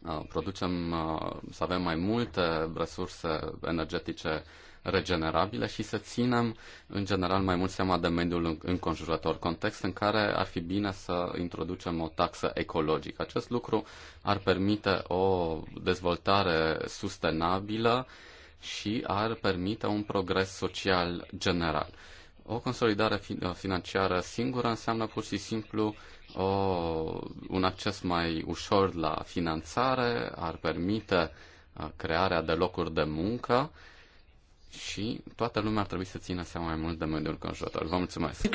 uh, producem, uh, să avem mai multe resurse energetice regenerabile și să ținem, în general, mai mult seama de mediul înconjurător, context în care ar fi bine să introducem o taxă ecologică. Acest lucru ar permite o dezvoltare sustenabilă și ar permite un progres social general. O consolidare uh, financiară singură înseamnă pur și simplu o, un acces mai ușor la finanțare, ar permite uh, crearea de locuri de muncă și toată lumea ar trebui să țină seama mai mult de mediul conjurător. Vă mulțumesc!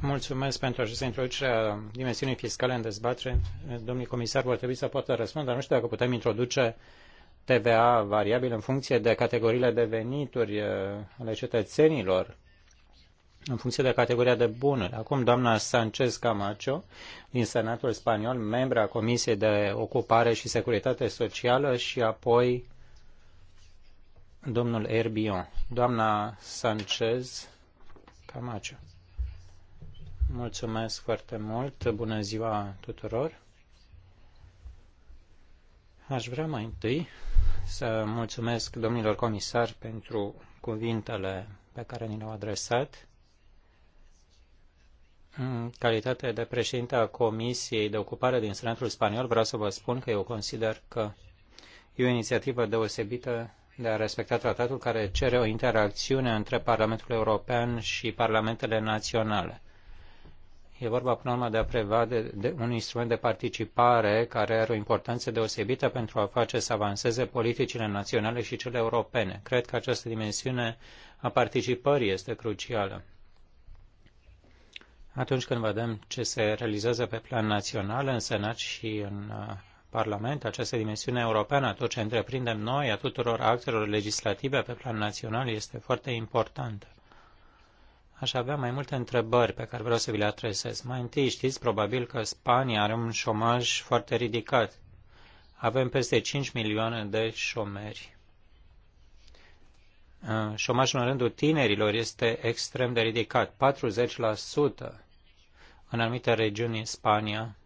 Mulțumesc pentru această introducere a dimensiunii fiscale în dezbatere. Domnul comisar vor trebui să poată răspunde, dar nu știu dacă putem introduce TVA variabil în funcție de categoriile de venituri uh, ale cetățenilor, în funcție de categoria de bunuri. Acum, doamna Sanchez Camacho, din Senatul Spaniol, membra Comisiei de Ocupare și Securitate Socială și apoi domnul Erbion. Doamna Sanchez Camacho. Mulțumesc foarte mult. Bună ziua tuturor. Aș vrea mai întâi să mulțumesc domnilor comisari pentru cuvintele pe care ni le-au adresat. În calitate de președinte a Comisiei de Ocupare din Senatul Spaniol, vreau să vă spun că eu consider că e o inițiativă deosebită de a respecta tratatul care cere o interacțiune între Parlamentul European și Parlamentele naționale. E vorba, până la urmă, de a prevade de un instrument de participare care are o importanță deosebită pentru a face să avanseze politicile naționale și cele europene. Cred că această dimensiune a participării este crucială. Atunci când vedem ce se realizează pe plan național în Senat și în uh, Parlament, această dimensiune europeană, tot ce întreprindem noi, a tuturor actelor legislative pe plan național, este foarte importantă. Aș avea mai multe întrebări pe care vreau să vi le adresez. Mai întâi știți probabil că Spania are un șomaj foarte ridicat. Avem peste 5 milioane de șomeri. Uh, șomajul în rândul tinerilor este extrem de ridicat, 40% în anumite regiuni în Spania,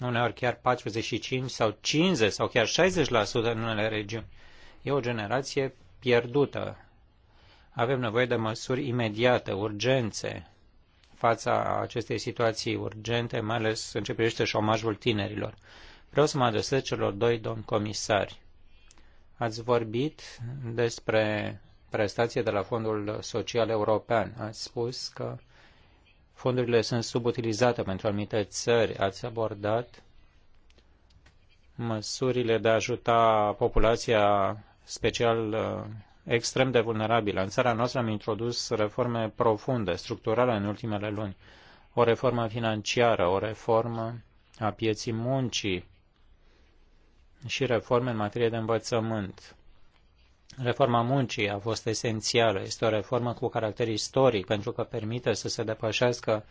uneori chiar 45 sau 50 sau chiar 60% în unele regiuni. E o generație pierdută avem nevoie de măsuri imediate, urgențe, fața acestei situații urgente, mai ales în ce privește șomajul tinerilor. Vreau să mă adresez celor doi domni comisari. Ați vorbit despre prestație de la Fondul Social European. Ați spus că fondurile sunt subutilizate pentru anumite țări. Ați abordat măsurile de a ajuta populația special uh, extrem de vulnerabilă. În țara noastră am introdus reforme profunde, structurale în ultimele luni. O reformă financiară, o reformă a pieții muncii și reforme în materie de învățământ. Reforma muncii a fost esențială. Este o reformă cu caracter istoric pentru că permite să se depășească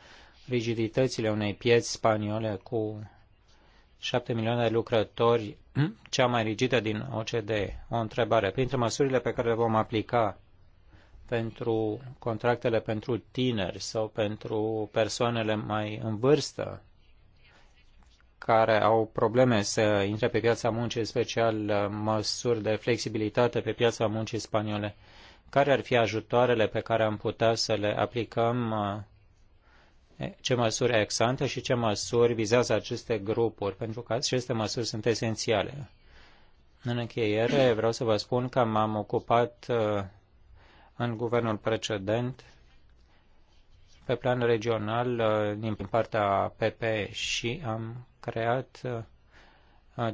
rigiditățile unei pieți spaniole cu 7 milioane de lucrători, cea mai rigidă din OCDE. O întrebare. Printre măsurile pe care le vom aplica pentru contractele pentru tineri sau pentru persoanele mai în vârstă care au probleme să intre pe piața muncii, special uh, măsuri de flexibilitate pe piața muncii spaniole. Care ar fi ajutoarele pe care am putea să le aplicăm uh, ce măsuri exante și ce măsuri vizează aceste grupuri, pentru că aceste măsuri sunt esențiale. În încheiere, vreau să vă spun că m-am ocupat uh, în guvernul precedent pe plan regional uh, din partea PP și am creat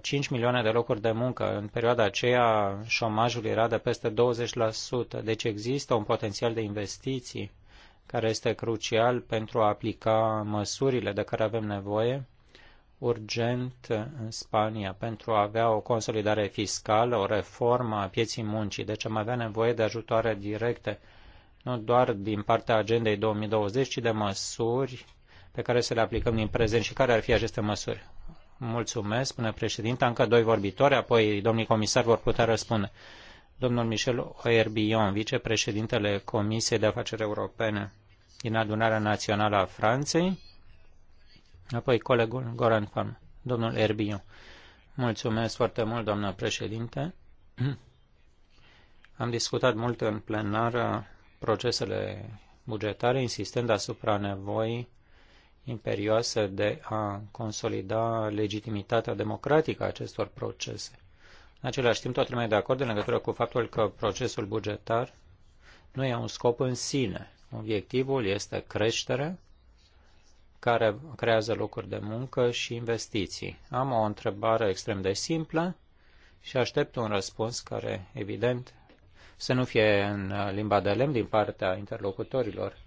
5 uh, milioane de locuri de muncă. În perioada aceea șomajul era de peste 20%, deci există un potențial de investiții care este crucial pentru a aplica măsurile de care avem nevoie urgent în Spania pentru a avea o consolidare fiscală, o reformă a pieții muncii. Deci am avea nevoie de ajutoare directe, nu doar din partea agendei 2020, ci de măsuri pe care să le aplicăm din prezent și care ar fi aceste măsuri. Mulțumesc, Până președinte, încă doi vorbitori, apoi domnii comisari vor putea răspunde domnul Michel Oerbion, vicepreședintele Comisiei de Afaceri Europene din Adunarea Națională a Franței, apoi colegul Goran Farm, domnul Erbion. Mulțumesc foarte mult, doamnă președinte. Am discutat mult în plenar procesele bugetare, insistând asupra nevoii imperioase de a consolida legitimitatea democratică a acestor procese. În același timp, toată lumea e de acord în legătură cu faptul că procesul bugetar nu e un scop în sine. Obiectivul este creștere, care creează locuri de muncă și investiții. Am o întrebare extrem de simplă și aștept un răspuns care, evident, să nu fie în limba de lemn din partea interlocutorilor.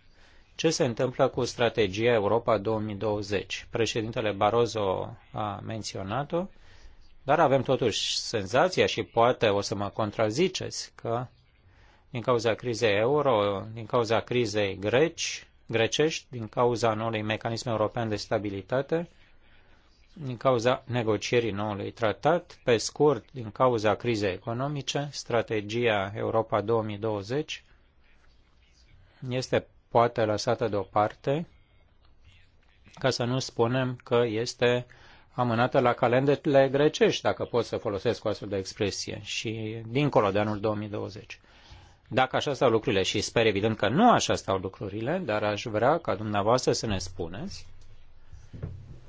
Ce se întâmplă cu strategia Europa 2020? Președintele Barroso a menționat-o dar avem totuși senzația și poate o să mă contraziceți că din cauza crizei euro, din cauza crizei greci, grecești, din cauza noului mecanism european de stabilitate, din cauza negocierii noului tratat, pe scurt, din cauza crizei economice, strategia Europa 2020 este poate lăsată deoparte, ca să nu spunem că este uh, amânată la calendele grecești, dacă pot să folosesc o astfel de expresie, și dincolo de anul 2020. Dacă așa stau lucrurile și sper evident că nu așa stau lucrurile, dar aș vrea ca dumneavoastră să ne spuneți,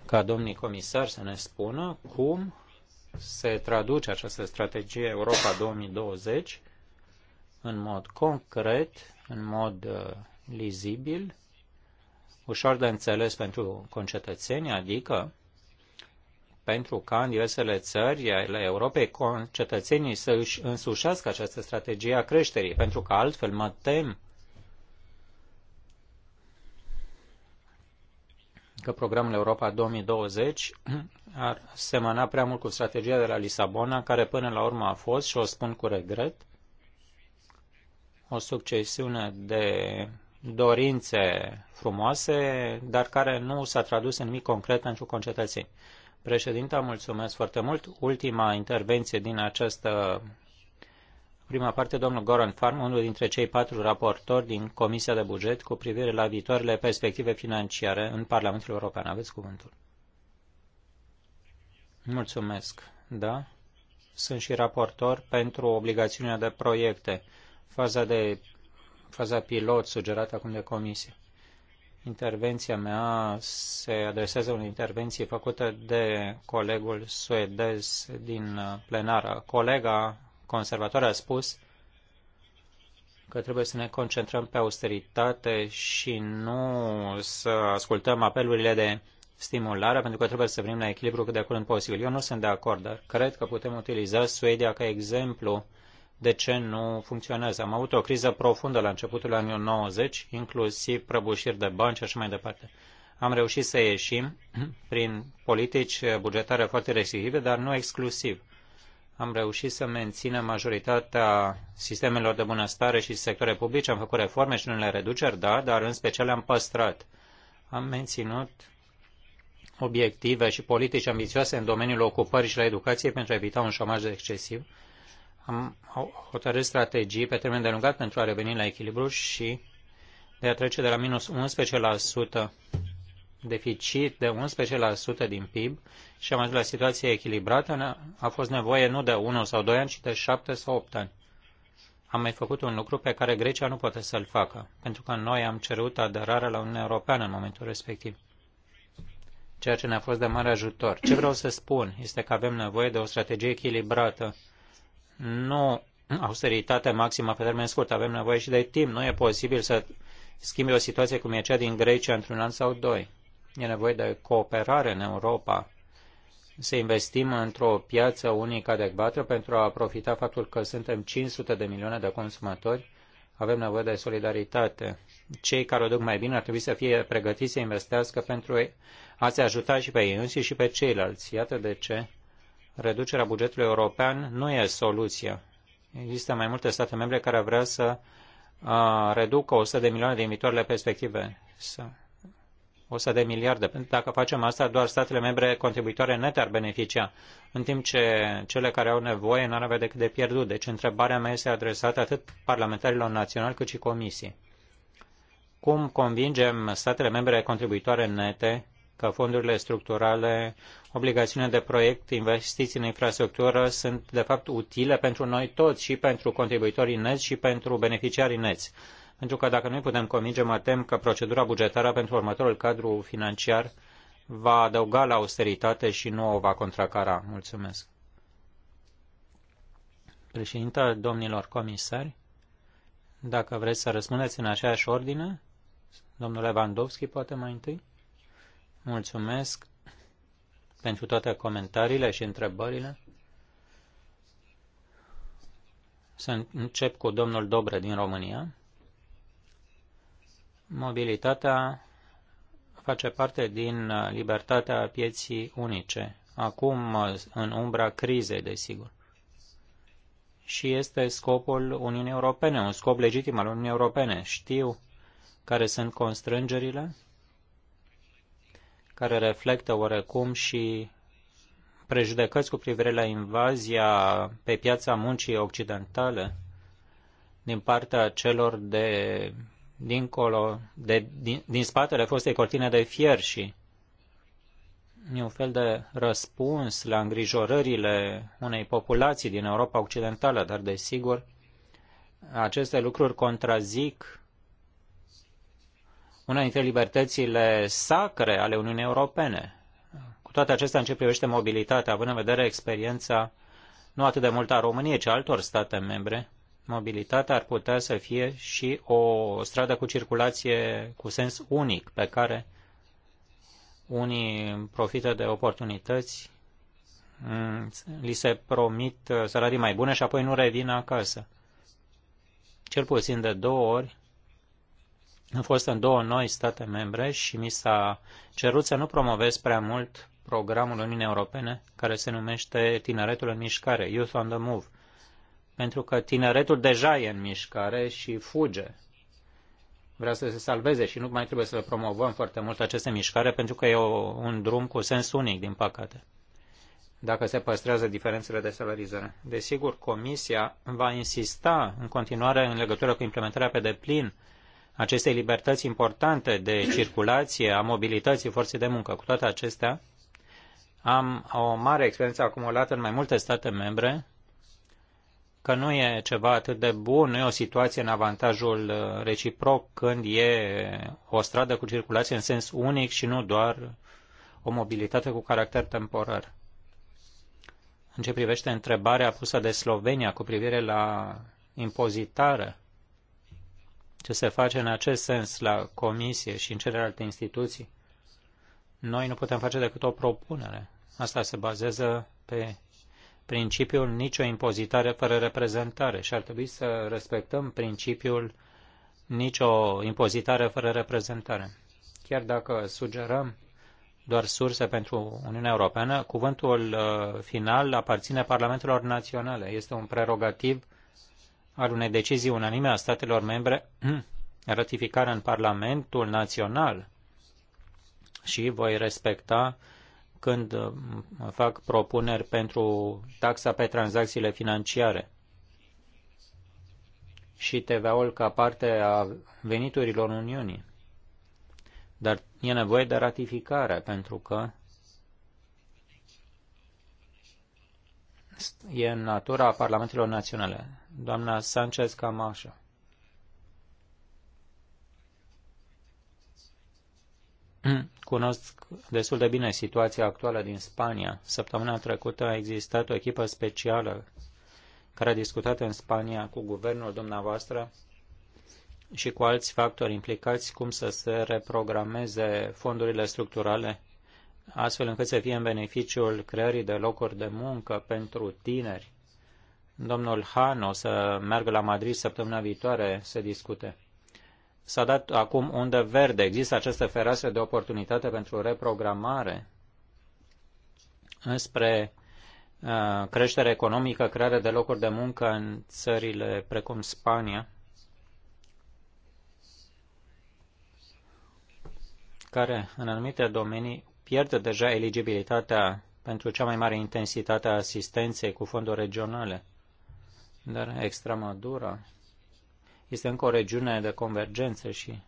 ca domnii comisari să ne spună cum se traduce această strategie Europa 2020 în mod concret, în mod uh, lizibil, ușor de înțeles pentru concetățeni, adică pentru ca în diversele țări ale Europei cetățenii să își însușească această strategie a creșterii, pentru că altfel mă tem că programul Europa 2020 ar semăna prea mult cu strategia de la Lisabona, care până la urmă a fost, și o spun cu regret, o succesiune de dorințe frumoase, dar care nu s-a tradus în nimic concret pentru concetățeni. Președinta, mulțumesc foarte mult. Ultima intervenție din această prima parte, domnul Goran Farm, unul dintre cei patru raportori din Comisia de Buget cu privire la viitoarele perspective financiare în Parlamentul European. Aveți cuvântul. Mulțumesc. Da? Sunt și raportor pentru obligațiunea de proiecte, faza, de, faza pilot sugerată acum de Comisie. Intervenția mea se adresează unei intervenții făcută de colegul suedez din plenară. Colega conservatoare a spus că trebuie să ne concentrăm pe austeritate și nu să ascultăm apelurile de stimulare, pentru că trebuie să venim la echilibru cât de curând posibil. Eu nu sunt de acord, dar cred că putem utiliza Suedia ca exemplu de ce nu funcționează. Am avut o criză profundă la începutul anilor 90, inclusiv prăbușiri de bani și așa mai departe. Am reușit să ieșim prin politici bugetare foarte restrictive, dar nu exclusiv. Am reușit să menținem majoritatea sistemelor de bunăstare și sectoare publice, am făcut reforme și unele reduceri, da, dar în special am păstrat. Am menținut obiective și politici ambițioase în domeniul ocupării și la educației pentru a evita un șomaj excesiv am hotărât strategii pe termen de lungat pentru a reveni la echilibru și de a trece de la minus 11% deficit de 11% din PIB și am ajuns la situație echilibrată, a fost nevoie nu de 1 sau 2 ani, ci de 7 sau 8 ani. Am mai făcut un lucru pe care Grecia nu poate să-l facă, pentru că noi am cerut aderarea la Uniunea Europeană în momentul respectiv, ceea ce ne-a fost de mare ajutor. Ce vreau să spun este că avem nevoie de o strategie echilibrată nu austeritatea maximă pe termen scurt. Avem nevoie și de timp. Nu e posibil să schimbi o situație cum e cea din Grecia într-un an sau doi. E nevoie de cooperare în Europa, să investim într-o piață unică adecvată pentru a profita faptul că suntem 500 de milioane de consumatori, avem nevoie de solidaritate. Cei care o duc mai bine ar trebui să fie pregătiți să investească pentru a se ajuta și pe ei înși și pe ceilalți. Iată de ce reducerea bugetului european nu e soluția. Există mai multe state membre care vrea să uh, reducă 100 de milioane din viitoarele perspective. o 100 de miliarde. Dacă facem asta, doar statele membre contribuitoare nete ar beneficia, în timp ce cele care au nevoie n-ar avea decât de pierdut. Deci întrebarea mea este adresată atât parlamentarilor naționali cât și comisii. Cum convingem statele membre contribuitoare nete că fondurile structurale, obligațiunile de proiect, investiții în infrastructură sunt de fapt utile pentru noi toți și pentru contribuitorii neți și pentru beneficiarii neți. Pentru că dacă nu putem convinge, mă tem că procedura bugetară pentru următorul cadru financiar va adăuga la austeritate și nu o va contracara. Mulțumesc. Președinte, domnilor comisari, dacă vreți să răspundeți în aceeași ordine, domnul Lewandowski poate mai întâi. Mulțumesc pentru toate comentariile și întrebările. Să încep cu domnul Dobre din România. Mobilitatea face parte din libertatea pieții unice, acum în umbra crizei, desigur. Și este scopul Uniunii Europene, un scop legitim al Uniunii Europene. Știu care sunt constrângerile care reflectă orecum și prejudecăți cu privire la invazia pe piața muncii occidentale din partea celor de dincolo, de, din, din spatele fostei cortine de fier și e un fel de răspuns la îngrijorările unei populații din Europa Occidentală, dar desigur aceste lucruri contrazic una dintre libertățile sacre ale Uniunii Europene. Cu toate acestea, în ce privește mobilitatea, având în vedere experiența nu atât de mult a României, ci a altor state membre, mobilitatea ar putea să fie și o stradă cu circulație cu sens unic, pe care unii profită de oportunități, mm, li se promit salarii mai bune și apoi nu revin acasă. Cel puțin de două ori am fost în două noi state membre și mi s-a cerut să nu promovez prea mult programul Uniunii Europene care se numește Tineretul în Mișcare, Youth on the Move, pentru că tineretul deja e în mișcare și fuge. Vrea să se salveze și nu mai trebuie să le promovăm foarte mult aceste mișcare pentru că e o, un drum cu sens unic, din păcate, dacă se păstrează diferențele de salarizare. Desigur, Comisia va insista în continuare în legătură cu implementarea pe deplin acestei libertăți importante de circulație, a mobilității forței de muncă. Cu toate acestea, am o mare experiență acumulată în mai multe state membre că nu e ceva atât de bun, nu e o situație în avantajul uh, reciproc când e o stradă cu circulație în sens unic și nu doar o mobilitate cu caracter temporar. În ce privește întrebarea pusă de Slovenia cu privire la impozitare, ce se face în acest sens la Comisie și în celelalte instituții, noi nu putem face decât o propunere. Asta se bazează pe principiul nicio impozitare fără reprezentare și ar trebui să respectăm principiul nicio impozitare fără reprezentare. Chiar dacă sugerăm doar surse pentru Uniunea Europeană, cuvântul uh, final aparține parlamentelor naționale. Este un prerogativ al unei decizii unanime a statelor membre, ratificare în Parlamentul Național și voi respecta când uh, fac propuneri pentru taxa pe tranzacțiile financiare și TVA-ul ca parte a veniturilor Uniunii. Dar e nevoie de ratificare pentru că e în natura Parlamentelor Naționale doamna Sanchez Camacho. Cunosc destul de bine situația actuală din Spania. Săptămâna trecută a existat o echipă specială care a discutat în Spania cu guvernul dumneavoastră și cu alți factori implicați cum să se reprogrameze fondurile structurale astfel încât să fie în beneficiul creării de locuri de muncă pentru tineri domnul Han o să meargă la Madrid săptămâna viitoare să discute. S-a dat acum undă verde. Există această fereastră de oportunitate pentru reprogramare înspre uh, creștere economică, creare de locuri de muncă în țările precum Spania, care în anumite domenii pierde deja eligibilitatea pentru cea mai mare intensitate a asistenței cu fonduri regionale. Dar Extremadura este încă o regiune de convergență și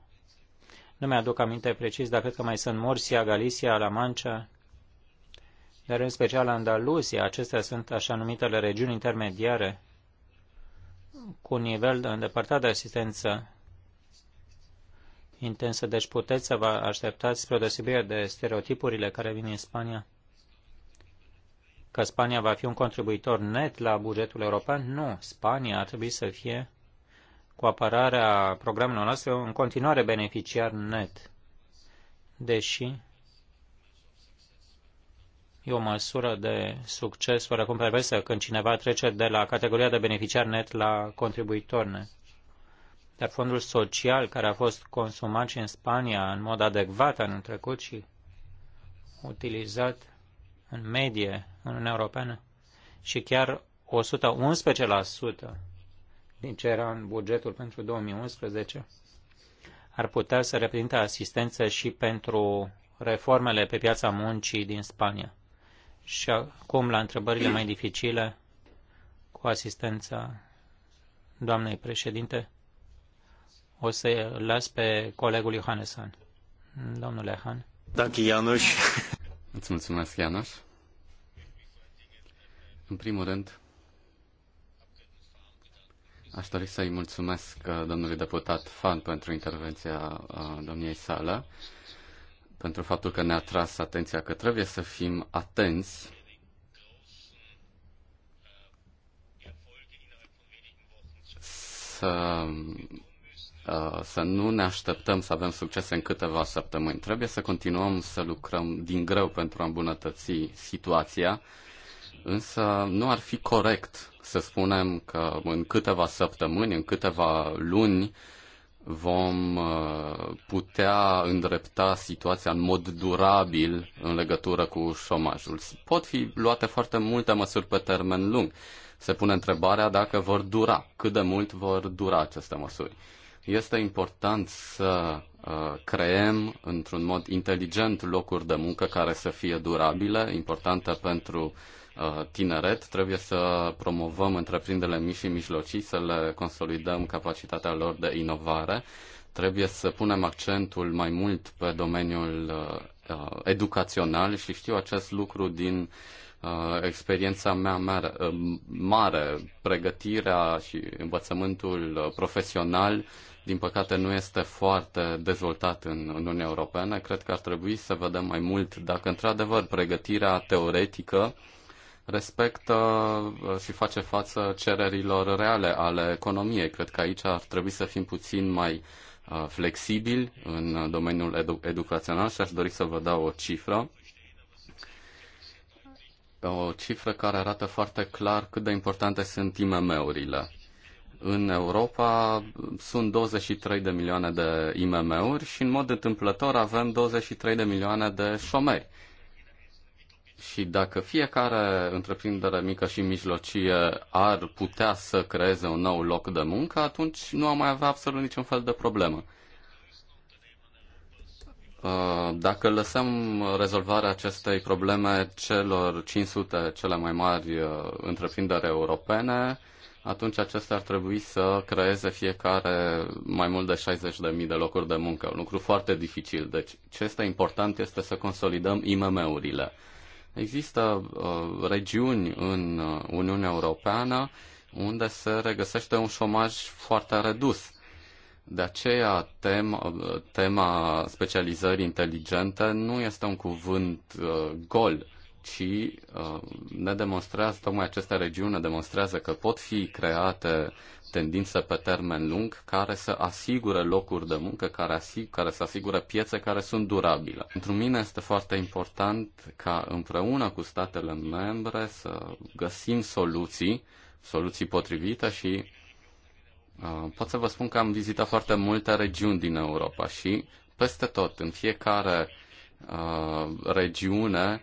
nu mi-aduc aminte precis, dar cred că mai sunt Morsia, Galicia, La Mancha, dar în special Andaluzia. Acestea sunt așa numitele regiuni intermediare cu un nivel de îndepărtat de asistență intensă. Deci puteți să vă așteptați spre o deosebire de stereotipurile care vin în Spania că Spania va fi un contribuitor net la bugetul european? Nu. Spania ar trebui să fie, cu apărarea programelor noastre, în continuare beneficiar net. Deși e o măsură de succes cum perversă când cineva trece de la categoria de beneficiar net la contribuitor net. Dar fondul social care a fost consumat și în Spania în mod adecvat anul trecut și utilizat în medie în Uniunea Europeană și chiar 111% din ce era în bugetul pentru 2011 ar putea să reprezinte asistență și pentru reformele pe piața muncii din Spania. Și acum la întrebările mai dificile cu asistența doamnei președinte, o să las pe colegul Iohannes Domnule Han. Dacă Ianuș. Îți mulțumesc, Ianuș. În primul rând, aș dori să-i mulțumesc uh, domnului deputat Fan pentru intervenția uh, domniei sale, pentru faptul că ne-a tras atenția că trebuie să fim atenți să, uh, să nu ne așteptăm să avem succese în câteva săptămâni. Trebuie să continuăm să lucrăm din greu pentru a îmbunătăți situația Însă nu ar fi corect să spunem că în câteva săptămâni, în câteva luni, vom uh, putea îndrepta situația în mod durabil în legătură cu șomajul. Pot fi luate foarte multe măsuri pe termen lung. Se pune întrebarea dacă vor dura, cât de mult vor dura aceste măsuri. Este important să uh, creăm într-un mod inteligent locuri de muncă care să fie durabile, importante pentru uh, Uh, tineret, trebuie să promovăm întreprinderile mici și mijlocii, să le consolidăm capacitatea lor de inovare, trebuie să punem accentul mai mult pe domeniul uh, uh, educațional și știu acest lucru din experiența mea mare, mare, pregătirea și învățământul profesional, din păcate, nu este foarte dezvoltat în Uniunea Europeană. Cred că ar trebui să vedem mai mult dacă, într-adevăr, pregătirea teoretică respectă uh, și face față cererilor reale ale economiei. Cred că aici ar trebui să fim puțin mai uh, flexibili în domeniul edu- educațional și aș dori să vă dau o cifră. O cifră care arată foarte clar cât de importante sunt IMM-urile. În Europa sunt 23 de milioane de IMM-uri și în mod întâmplător avem 23 de milioane de șomeri. Și dacă fiecare întreprindere mică și mijlocie ar putea să creeze un nou loc de muncă, atunci nu am mai avea absolut niciun fel de problemă. Uh, dacă lăsăm rezolvarea acestei probleme celor 500 cele mai mari uh, întreprinderi europene, atunci acestea ar trebui să creeze fiecare mai mult de 60.000 de locuri de muncă. Un lucru foarte dificil. Deci ce este important este să consolidăm IMM-urile. Există uh, regiuni în uh, Uniunea Europeană unde se regăsește un șomaj foarte redus. De aceea tema, uh, tema specializării inteligente nu este un cuvânt uh, gol ci uh, ne demonstrează, tocmai această regiune demonstrează că pot fi create tendințe pe termen lung care să asigure locuri de muncă, care, asig- care să asigure piețe care sunt durabile. Pentru mine este foarte important ca împreună cu statele membre să găsim soluții, soluții potrivite și uh, pot să vă spun că am vizitat foarte multe regiuni din Europa și peste tot, în fiecare uh, regiune,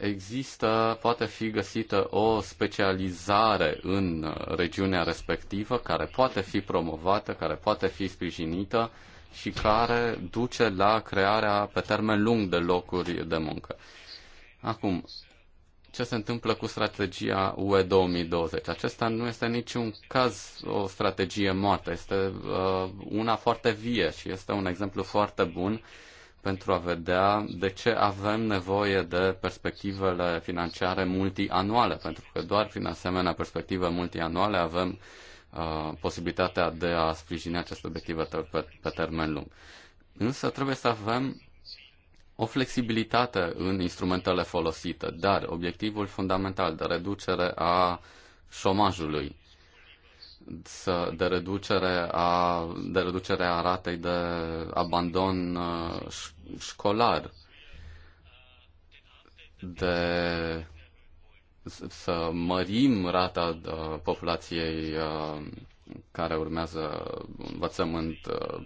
există, poate fi găsită o specializare în uh, regiunea respectivă care poate fi promovată, care poate fi sprijinită și care duce la crearea pe termen lung de locuri de muncă. Acum, ce se întâmplă cu strategia UE 2020? Acesta nu este în niciun caz o strategie moartă, este uh, una foarte vie și este un exemplu foarte bun uh, pentru a vedea de ce avem nevoie de perspectivele financiare multianuale, pentru că doar prin asemenea perspective multianuale avem uh, posibilitatea de a sprijini aceste obiective pe, pe termen lung. Însă trebuie să avem o flexibilitate în instrumentele folosite, dar obiectivul fundamental de reducere a șomajului să, de, reducere a, de reducere a ratei de abandon uh, școlar, de să mărim rata uh, populației uh, care urmează învățământ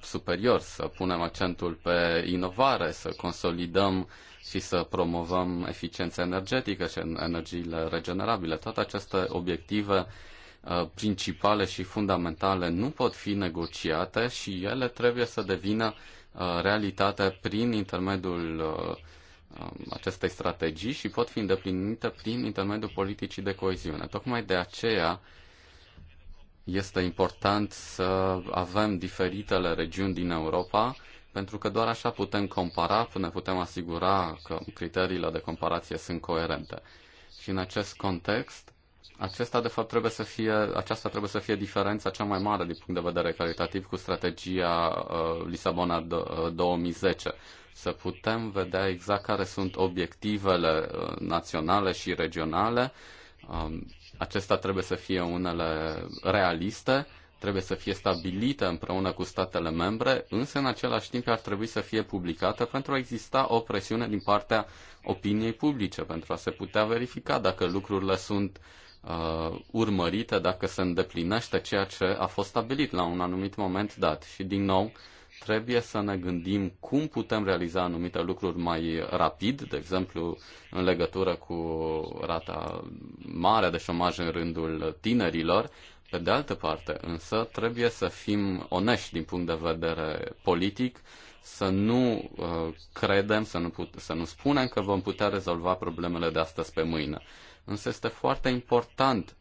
superior, să punem accentul pe inovare, să consolidăm și să promovăm eficiența energetică și energiile regenerabile. Toate aceste obiective Uh, principale și fundamentale nu pot fi negociate și ele trebuie să devină uh, realitate prin intermediul uh, um, acestei strategii și pot fi îndeplinite prin intermediul politicii de coeziune. Tocmai de aceea este important să avem diferitele regiuni din Europa, pentru că doar așa putem compara ne putem asigura că criteriile de comparație sunt coerente. Și în acest context, acesta, de fapt, trebuie să fie, aceasta trebuie să fie diferența cea mai mare din punct de vedere calitativ cu strategia uh, Lisabona d- 2010. Uh, să putem vedea exact care sunt obiectivele uh, naționale și regionale. Um, acesta trebuie să fie unele realiste, trebuie să fie stabilite împreună cu statele membre, însă în același timp ar trebui să fie publicată pentru a exista o presiune din partea opiniei publice, pentru a se putea verifica dacă lucrurile sunt uh, uh, urmărită dacă se îndeplinește ceea ce a fost stabilit la un anumit moment dat. Și din nou, trebuie să ne gândim cum putem realiza anumite lucruri mai rapid, de exemplu în legătură cu rata mare de șomaj în rândul tinerilor. Pe de altă parte, însă, trebuie să fim onești din punct de vedere politic, să nu uh, credem, să nu, put- să nu spunem că vom putea rezolva problemele de astăzi pe mâine. Însă este foarte important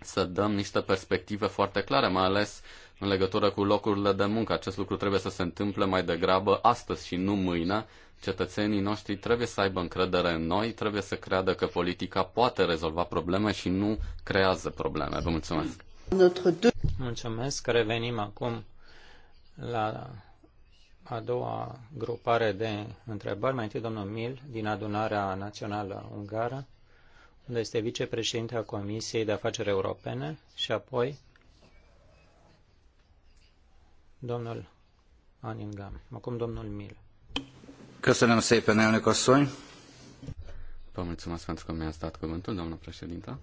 să dăm niște perspective foarte clare, mai ales în legătură cu locurile de muncă. Acest lucru trebuie să se întâmple mai degrabă astăzi și nu mâine. Cetățenii noștri trebuie să aibă încredere în noi, trebuie să creadă că politica poate rezolva probleme și nu creează probleme. Vă mulțumesc! Mulțumesc! Revenim acum la a doua grupare de întrebări. Mai întâi domnul Mil din adunarea națională ungară unde este vicepreședinte Comisiei de Afaceri Europene și apoi domnul Aningam. Acum domnul Mil. Căsălăm szépen, pe asszony. Vă mulțumesc pentru că mi-ați dat cuvântul, domnul președinte.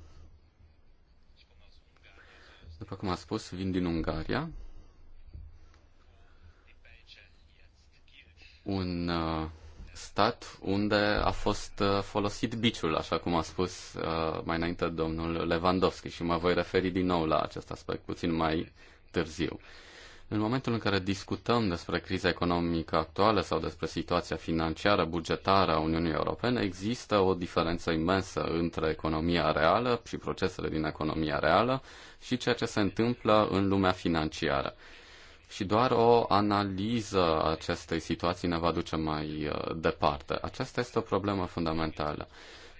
După cum a spus, vin din Ungaria. Un uh, stat unde a fost uh, folosit biciul, așa cum a spus uh, mai înainte domnul Lewandowski și mă voi referi din nou la acest aspect puțin mai târziu. În momentul în care discutăm despre criza economică actuală sau despre situația financiară, bugetară a Uniunii Europene, există o diferență imensă între economia reală și procesele din economia reală și ceea ce se întâmplă în lumea financiară și doar o analiză a acestei situații ne va duce mai uh, departe. Aceasta este o problemă fundamentală.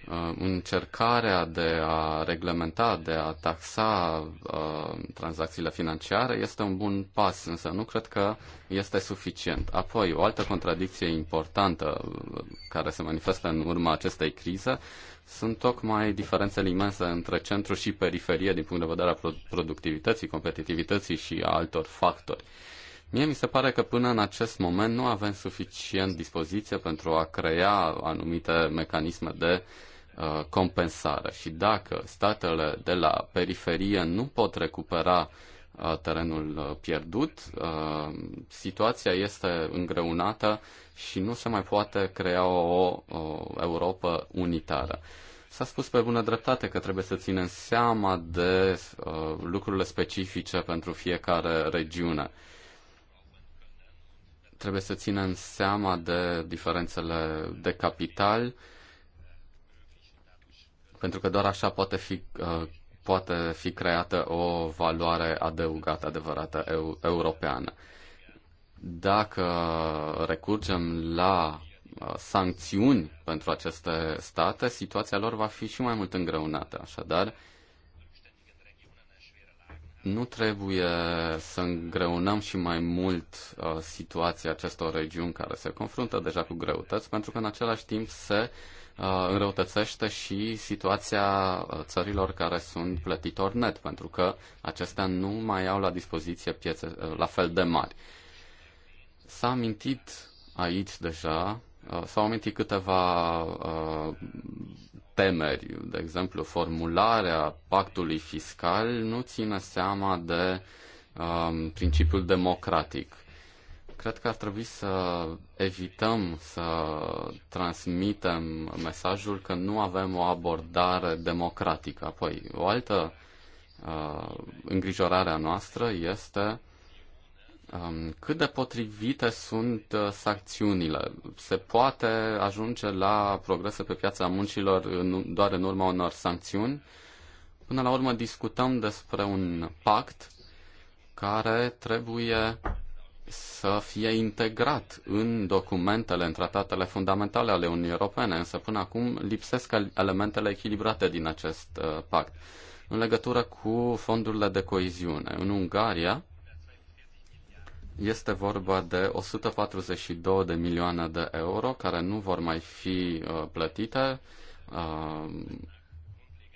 Uh, încercarea de a reglementa, de a taxa uh, tranzacțiile financiare este un bun pas, însă nu cred că este suficient. Apoi, o altă contradicție importantă uh, care se manifestă în urma acestei crize sunt tocmai diferențele imense între centru și periferie din punct de vedere a productivității, competitivității și a altor factori. Mie mi se pare că până în acest moment nu avem suficient dispoziție pentru a crea anumite mecanisme de uh, compensare și dacă statele de la periferie nu pot recupera uh, terenul uh, pierdut, uh, situația este îngreunată și nu se mai poate crea o, o Europa unitară. S-a spus pe bună dreptate că trebuie să ținem seama de uh, lucrurile specifice pentru fiecare regiune. Trebuie să ținem seama de diferențele de capital, pentru că doar așa poate fi, uh, poate fi creată o valoare adăugată adevărată eu, europeană dacă recurgem la uh, sancțiuni pentru aceste state, situația lor va fi și mai mult îngreunată. Așadar, nu trebuie să îngreunăm și mai mult uh, situația acestor regiuni care se confruntă deja cu greutăți, pentru că în același timp se uh, înrăutățește și situația uh, țărilor care sunt plătitori net, pentru că acestea nu mai au la dispoziție piețe uh, la fel de mari. Uh, S-a amintit aici deja, uh, s-au amintit câteva uh, temeri, de exemplu, formularea pactului fiscal nu ține seama de uh, principiul democratic. Cred că ar trebui să evităm să transmitem mesajul că nu avem o abordare democratică. Apoi, o altă uh, îngrijorare a noastră este uh, Um, cât de potrivite sunt uh, sancțiunile? Se poate ajunge la progrese pe piața muncilor doar în urma unor sancțiuni? Până la urmă discutăm despre un pact care trebuie să fie integrat în documentele, în tratatele fundamentale ale Uniunii Europene, însă până acum lipsesc elementele echilibrate din acest uh, pact. În legătură cu fondurile de coeziune, în Ungaria, este vorba de 142 de milioane de euro care nu vor mai fi uh, plătite uh,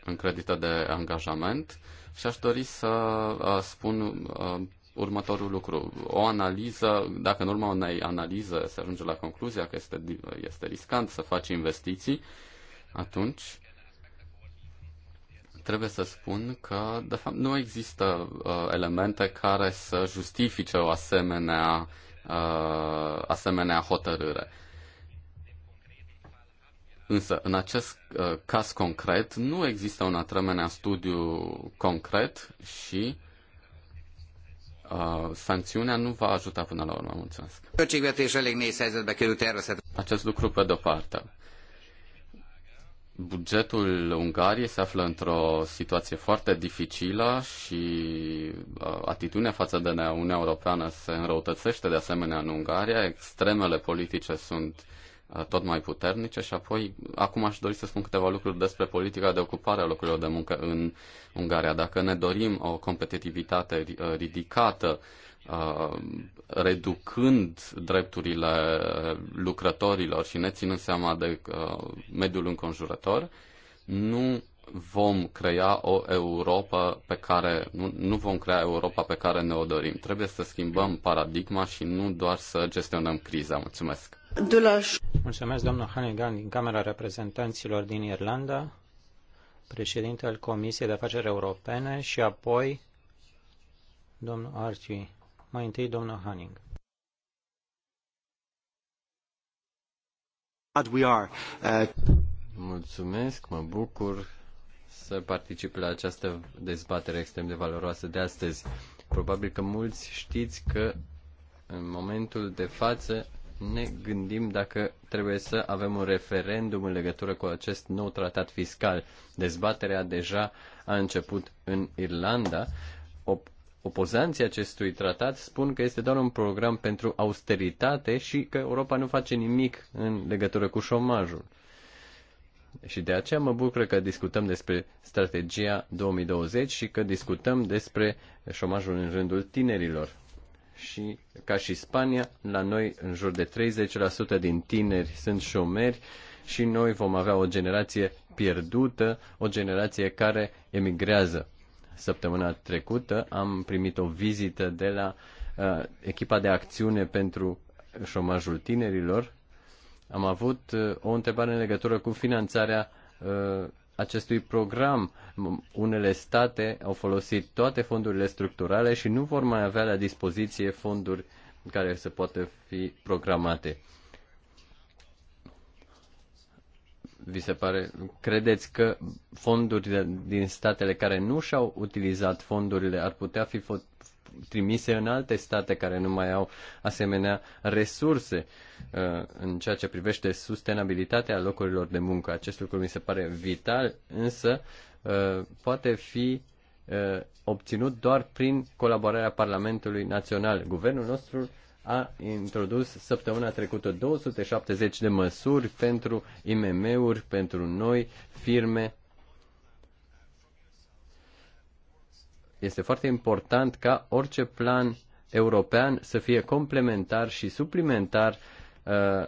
în credite de angajament și aș dori să uh, spun următorul lucru. O analiză, dacă în urma unei analize se ajunge la concluzia că este, este riscant să faci investiții, atunci trebuie să spun că, de fapt, nu există uh, elemente care să justifice o asemenea, uh, asemenea hotărâre. Însă, în acest uh, caz concret, nu există un atremenea studiu concret și uh, sancțiunea nu va ajuta până la urmă. Mulțumesc. Acest lucru pe de-o parte. Bugetul Ungariei se află într-o situație foarte dificilă și uh, atitudinea față de Uniunea Europeană se înrăutățește de asemenea în Ungaria. Extremele politice sunt Uh, tot mai puternice și apoi, acum aș dori să spun câteva lucruri despre politica de ocupare a locurilor de muncă în Ungaria. Dacă ne dorim o competitivitate uh, ridicată, uh, reducând drepturile lucrătorilor și ne ținând seama de mediul înconjurător, nu vom crea o Europa pe care nu, nu vom crea Europa pe care ne o dorim. Trebuie să schimbăm paradigma și nu doar să gestionăm criza. Mulțumesc. Mulțumesc, domnul Hannigan, din Camera Reprezentanților din Irlanda, președinte al Comisiei de Afaceri Europene și apoi domnul Archie. Mai întâi domnul Hanning. Uh, Mulțumesc, mă bucur să particip la această dezbatere extrem de valoroasă de astăzi. Probabil că mulți știți că în momentul de față ne gândim dacă trebuie să avem un referendum în legătură cu acest nou tratat fiscal. Dezbaterea deja a început în Irlanda. Op- opozanții acestui tratat spun că este doar un program pentru austeritate și că Europa nu face nimic în legătură cu șomajul. Și de aceea mă bucur că discutăm despre strategia 2020 și că discutăm despre șomajul în rândul tinerilor și, ca și Spania, la noi în jur de 30% din tineri sunt șomeri și noi vom avea o generație pierdută, o generație care emigrează. Săptămâna trecută am primit o vizită de la uh, echipa de acțiune pentru șomajul tinerilor. Am avut uh, o întrebare în legătură cu finanțarea uh, acestui program. Unele state au folosit toate fondurile structurale și nu vor mai avea la dispoziție fonduri care să poată fi programate. Vi se pare, credeți că fondurile din statele care nu și-au utilizat fondurile ar putea fi trimise în alte state care nu mai au asemenea resurse uh, în ceea ce privește sustenabilitatea locurilor de muncă. Acest lucru mi se pare vital, însă uh, poate fi uh, obținut doar prin colaborarea Parlamentului Național. Guvernul nostru a introdus săptămâna trecută 270 de măsuri pentru IMM-uri, pentru noi firme Este foarte important ca orice plan european să fie complementar și suplimentar uh,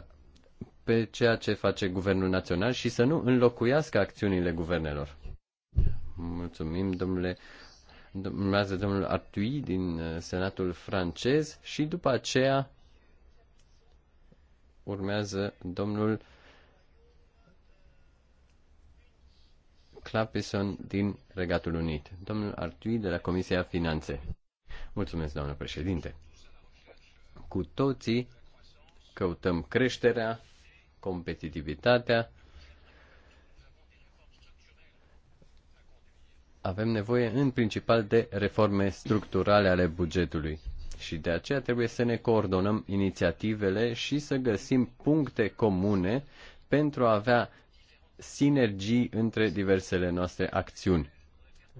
pe ceea ce face guvernul național și să nu înlocuiască acțiunile guvernelor. Mulțumim, domnule. Urmează domnul Artui din uh, Senatul francez și după aceea urmează domnul Clapison din Regatul Unit. Domnul Artui de la Comisia Finanțe. Mulțumesc, doamnă președinte. Cu toții căutăm creșterea, competitivitatea. Avem nevoie în principal de reforme structurale ale bugetului și de aceea trebuie să ne coordonăm inițiativele și să găsim puncte comune pentru a avea sinergii între diversele noastre acțiuni.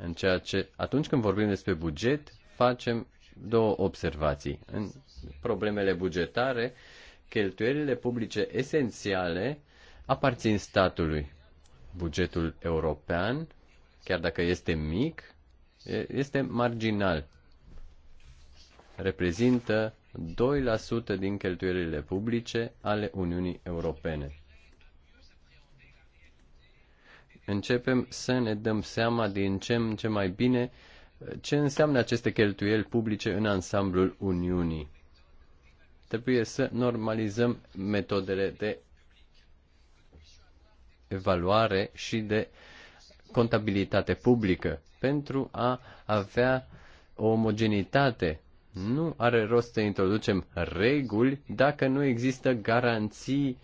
În ceea ce, atunci când vorbim despre buget, facem două observații. În problemele bugetare, cheltuielile publice esențiale aparțin statului. Bugetul european, chiar dacă este mic, este marginal. Reprezintă 2% din cheltuielile publice ale Uniunii Europene. începem să ne dăm seama din ce în ce mai bine uh, ce înseamnă aceste cheltuieli publice în ansamblul Uniunii. Trebuie să normalizăm metodele de evaluare și de contabilitate publică pentru a avea o omogenitate. Nu are rost să introducem reguli dacă nu există garanții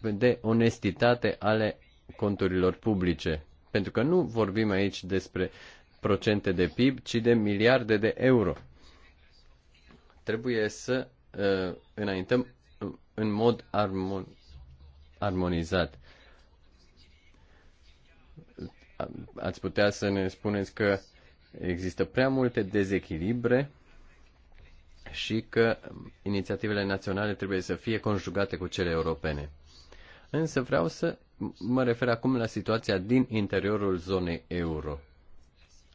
de onestitate ale conturilor publice. Pentru că nu vorbim aici despre procente de PIB, ci de miliarde de euro. Trebuie să uh, înaintăm în mod armon, armonizat. Ați putea să ne spuneți că există prea multe dezechilibre și că inițiativele naționale trebuie să fie conjugate cu cele europene. Însă vreau să Mă refer acum la situația din interiorul zonei euro.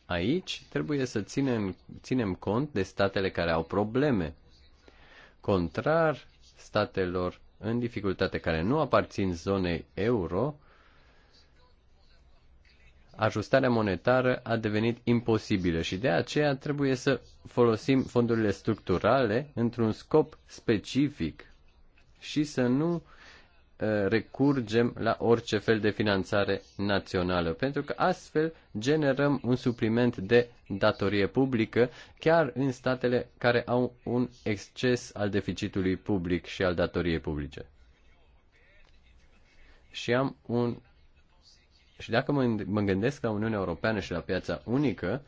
Aici trebuie să ținem, ținem cont de statele care au probleme. Contrar statelor în dificultate care nu aparțin zonei euro, ajustarea monetară a devenit imposibilă și de aceea trebuie să folosim fondurile structurale într-un scop specific și să nu uh, Uh, recurgem la orice fel de finanțare națională, pentru că astfel generăm un supliment de datorie publică chiar în statele care au un exces al deficitului public și al datoriei publice. Și am un și dacă mă, gândesc la Uniunea Europeană și la piața unică,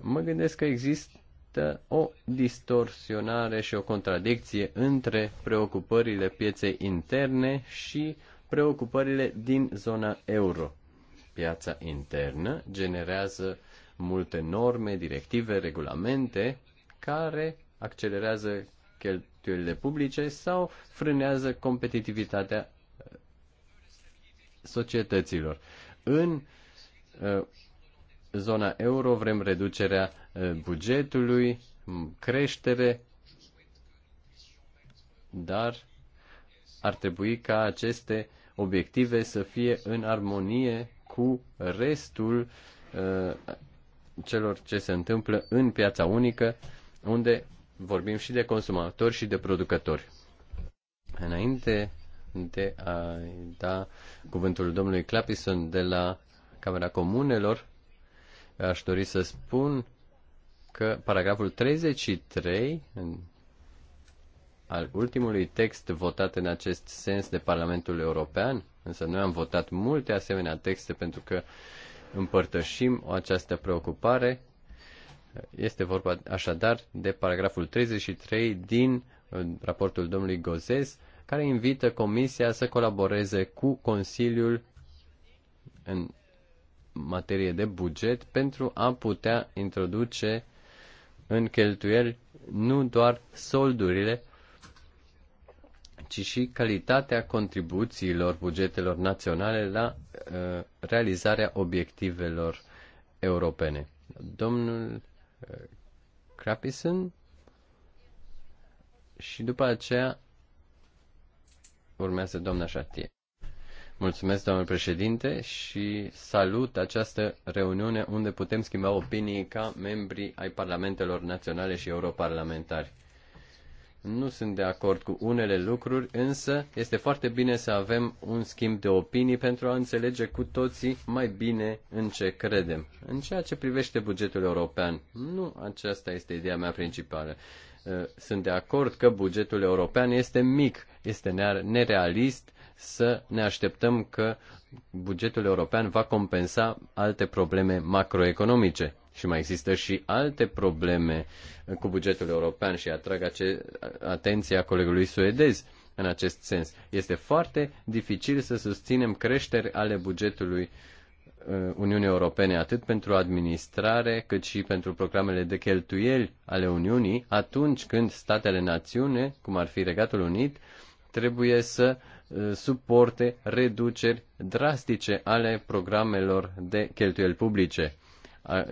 mă gândesc că există există o distorsionare și o contradicție între preocupările pieței interne și preocupările din zona euro. Piața internă generează multe norme, directive, regulamente care accelerează cheltuielile publice sau frânează competitivitatea uh, societăților. În uh, zona euro vrem reducerea Uh, bugetului, creștere, dar ar trebui ca aceste obiective să fie în armonie cu restul uh, celor ce se întâmplă în piața unică, unde vorbim și de consumatori și de producători. Înainte de a da cuvântul domnului Clapison de la Camera Comunelor, aș dori să spun că paragraful 33 al ultimului text votat în acest sens de Parlamentul European, însă noi am votat multe asemenea texte pentru că împărtășim această preocupare. Este vorba așadar de paragraful 33 din raportul domnului Gozes, care invită Comisia să colaboreze cu Consiliul în materie de buget pentru a putea introduce în cheltuieli nu doar soldurile, ci și calitatea contribuțiilor bugetelor naționale la uh, realizarea obiectivelor europene. Domnul uh, Crapison și după aceea urmează doamna Șatie. Mulțumesc, domnule președinte, și salut această reuniune unde putem schimba opinii ca membri ai parlamentelor naționale și europarlamentari. Nu sunt de acord cu unele lucruri, însă este foarte bine să avem un schimb de opinii pentru a înțelege cu toții mai bine în ce credem. În ceea ce privește bugetul european, nu aceasta este ideea mea principală. Ă, sunt de acord că bugetul european este mic, este nerealist, să ne așteptăm că bugetul european va compensa alte probleme macroeconomice. Și mai există și alte probleme cu bugetul european și atrag ace- atenția colegului suedez în acest sens. Este foarte dificil să susținem creșteri ale bugetului uh, Uniunii Europene, atât pentru administrare, cât și pentru programele de cheltuieli ale Uniunii, atunci când statele națiune, cum ar fi Regatul Unit, trebuie să uh, suporte reduceri drastice ale programelor de cheltuieli publice.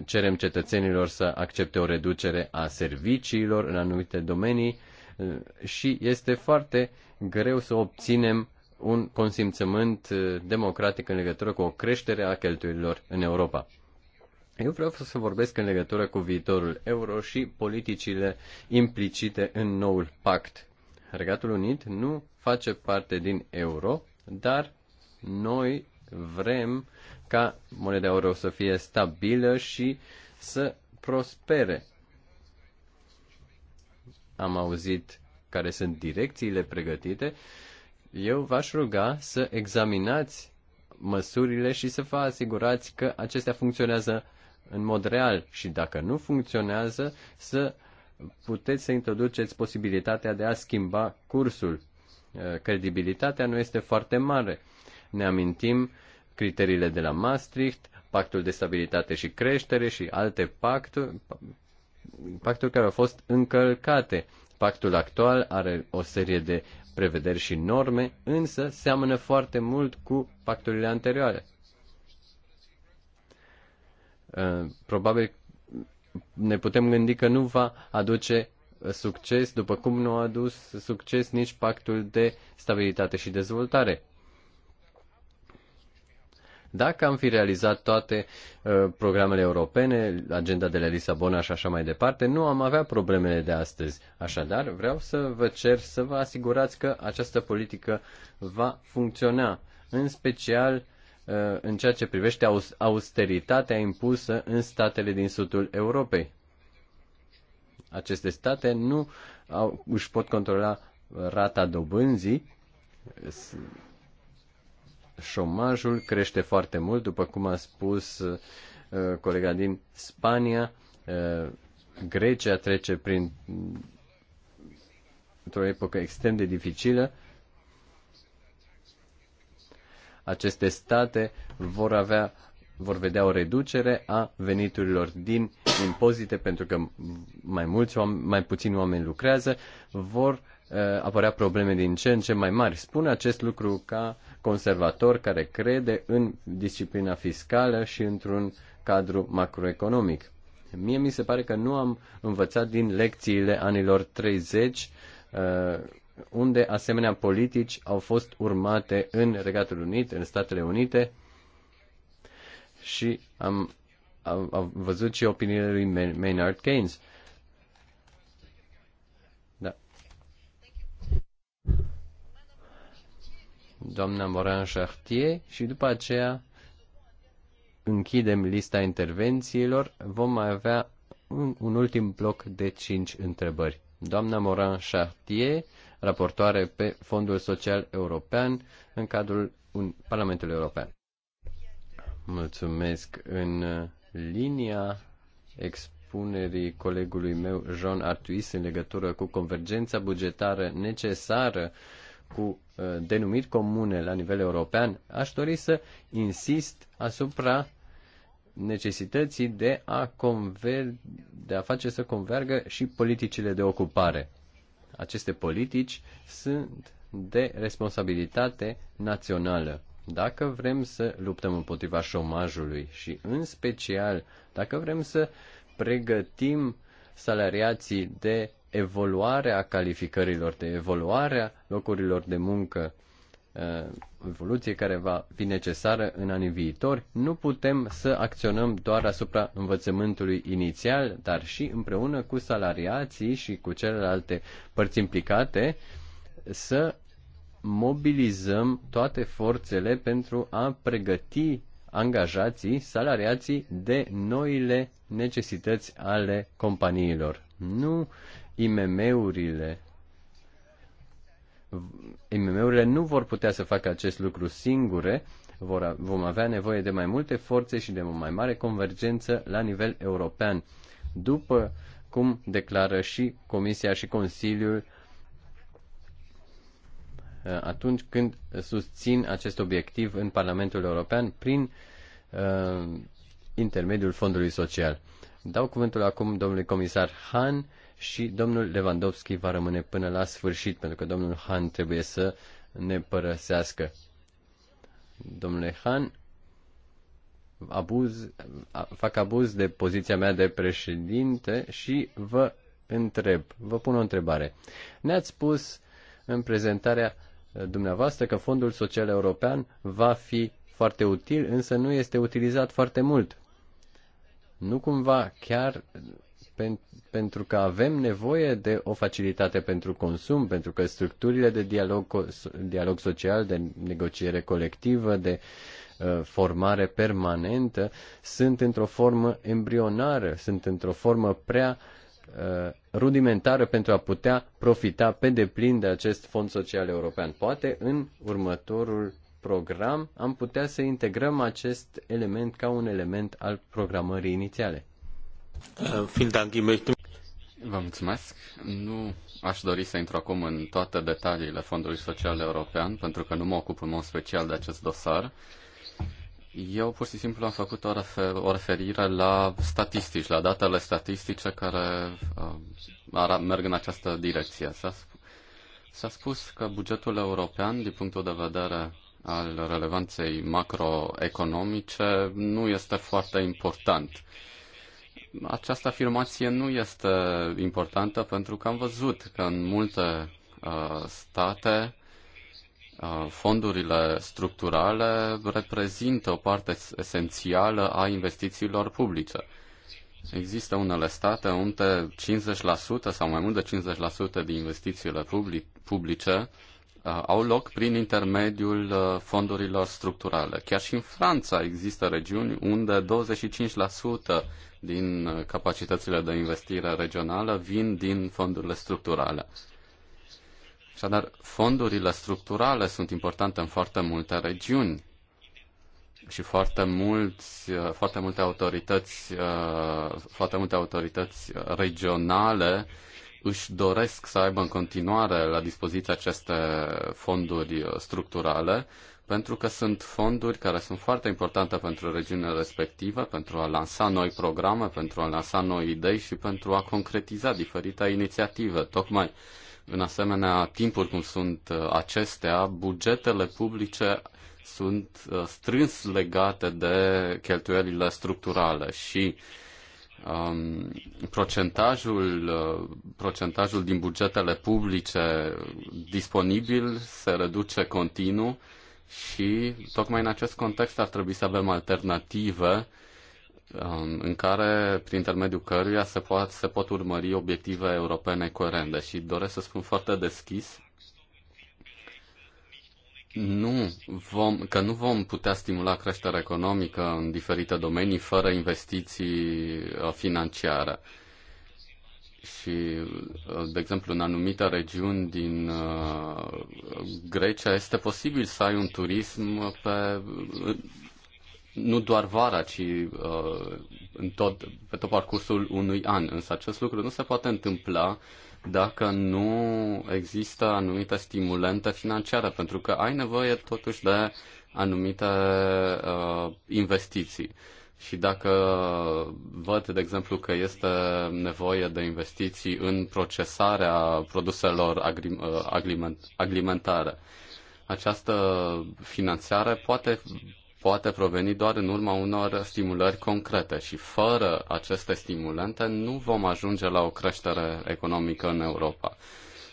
Cerem cetățenilor să accepte o reducere a serviciilor în anumite domenii uh, și este foarte greu să obținem un consimțământ uh, democratic în legătură cu o creștere a cheltuielilor în Europa. Eu vreau să vorbesc în legătură cu viitorul euro și politicile implicite în noul pact Regatul Unit nu face parte din euro, dar noi vrem ca moneda euro să fie stabilă și să prospere. Am auzit care sunt direcțiile pregătite. Eu v-aș ruga să examinați măsurile și să vă asigurați că acestea funcționează în mod real și dacă nu funcționează, să puteți să introduceți posibilitatea de a schimba cursul. Uh, credibilitatea nu este foarte mare. Ne amintim criteriile de la Maastricht, pactul de stabilitate și creștere și alte pacturi, pacturi care au fost încălcate. Pactul actual are o serie de prevederi și norme, însă seamănă foarte mult cu pacturile anterioare. Uh, probabil ne putem gândi că nu va aduce uh, succes, după cum nu a adus succes nici pactul de stabilitate și dezvoltare. Dacă am fi realizat toate uh, programele europene, agenda de la Lisabona și așa mai departe, nu am avea problemele de astăzi. Așadar, vreau să vă cer să vă asigurați că această politică va funcționa, în special uh, Uh, în ceea ce privește austeritatea impusă în statele din sudul Europei. Aceste state nu au, își pot controla rata dobânzii, șomajul crește foarte mult, după cum a spus uh, colega din Spania, uh, Grecia trece prin într-o epocă extrem de dificilă aceste state vor avea vor vedea o reducere a veniturilor din impozite pentru că mai mulți oameni, mai puțini oameni lucrează, vor uh, apărea probleme din ce în ce mai mari. Spun acest lucru ca conservator care crede în disciplina fiscală și într-un cadru macroeconomic. Mie mi se pare că nu am învățat din lecțiile anilor 30 uh, unde asemenea politici au fost urmate în Regatul Unit, în Statele Unite și am, am, am văzut și opiniile lui Maynard Keynes. Da. Doamna Moran Chartier și după aceea închidem lista intervențiilor. Vom mai avea un, un ultim bloc de cinci întrebări. Doamna Moran Chartier, raportoare pe Fondul Social European în cadrul Parlamentului European. Mulțumesc în uh, linia expunerii colegului meu, Jean Artuis, în legătură cu convergența bugetară necesară cu uh, denumiri comune la nivel european, aș dori să insist asupra necesității de a, conver- de a face să convergă și politicile de ocupare aceste politici sunt de responsabilitate națională. Dacă vrem să luptăm împotriva șomajului și în special dacă vrem să pregătim salariații de evoluarea calificărilor, de evoluarea locurilor de muncă, Uh, evoluție care va fi necesară în anii viitori, nu putem să acționăm doar asupra învățământului inițial, dar și împreună cu salariații și cu celelalte părți implicate să mobilizăm toate forțele pentru a pregăti angajații, salariații de noile necesități ale companiilor. Nu IMM-urile IMM-urile nu vor putea să facă acest lucru singure, vor, vom avea nevoie de mai multe forțe și de o mai mare convergență la nivel european. După cum declară și Comisia și Consiliul atunci când susțin acest obiectiv în Parlamentul European prin uh, intermediul Fondului Social. Dau cuvântul acum domnului comisar Han și domnul Lewandowski va rămâne până la sfârșit, pentru că domnul Han trebuie să ne părăsească. Domnule Han, abuz, fac abuz de poziția mea de președinte și vă întreb, vă pun o întrebare. Ne-ați spus în prezentarea dumneavoastră că Fondul Social European va fi foarte util, însă nu este utilizat foarte mult. Nu cumva chiar pen, pentru că avem nevoie de o facilitate pentru consum, pentru că structurile de dialog, dialog social, de negociere colectivă, de uh, formare permanentă sunt într-o formă embrionară, sunt într-o formă prea uh, rudimentară pentru a putea profita pe deplin de acest fond social european. Poate în următorul program am putea să integrăm acest element ca un element al programării inițiale. Vă mulțumesc. Nu aș dori să intru acum în toate detaliile Fondului Social European, pentru că nu mă ocup în mod special de acest dosar. Eu pur și simplu am făcut o, refer- o referire la statistici, la datele statistice care uh, merg în această direcție. S-a, sp- s-a spus că bugetul european, din punctul de vedere al relevanței macroeconomice, nu este foarte important. Uh, această afirmație nu este importantă pentru că am văzut că în multe uh, state uh, fondurile structurale reprezintă o parte esențială a investițiilor publice. Există unele state unde 50% sau mai mult de 50% din investițiile publice uh, Uh, au loc prin intermediul uh, fondurilor structurale. Chiar și în Franța există regiuni unde 25% din uh, capacitățile de investire regională vin din fondurile structurale. Așadar, fondurile structurale sunt importante în foarte multe regiuni și foarte, mulți, foarte multe autorități, foarte multe autorități regionale își doresc să aibă în continuare la dispoziție aceste fonduri structurale, pentru că sunt fonduri care sunt foarte importante pentru regiunile respective, pentru a lansa noi programe, pentru a lansa noi idei și pentru a concretiza diferite inițiative. Tocmai în asemenea timpuri cum sunt acestea, bugetele publice sunt uh, strâns legate de cheltuielile structurale și uh, um, procentajul, uh, procentajul din bugetele publice disponibil se reduce continuu și tocmai în acest context ar trebui să avem alternative um, în care, prin intermediul căruia, se, poat, se pot urmări obiective europene coerente. Și doresc să spun foarte deschis nu vom, că nu vom putea stimula creșterea economică în diferite domenii fără investiții uh, financiare. Și, uh, de exemplu, în anumite regiuni din uh, Grecia este posibil să ai un turism pe, nu doar vara, ci în tot, pe tot parcursul unui an. Însă acest lucru nu se poate întâmpla uh, dacă nu există anumite stimulente financiare, pentru că ai nevoie totuși de anumite uh, investiții. Și dacă văd, de exemplu, că este nevoie de investiții în procesarea produselor agri- uh, agliment- alimentare, această finanțare poate poate proveni doar în urma unor stimulări concrete și fără aceste stimulante nu vom ajunge la o creștere economică în Europa.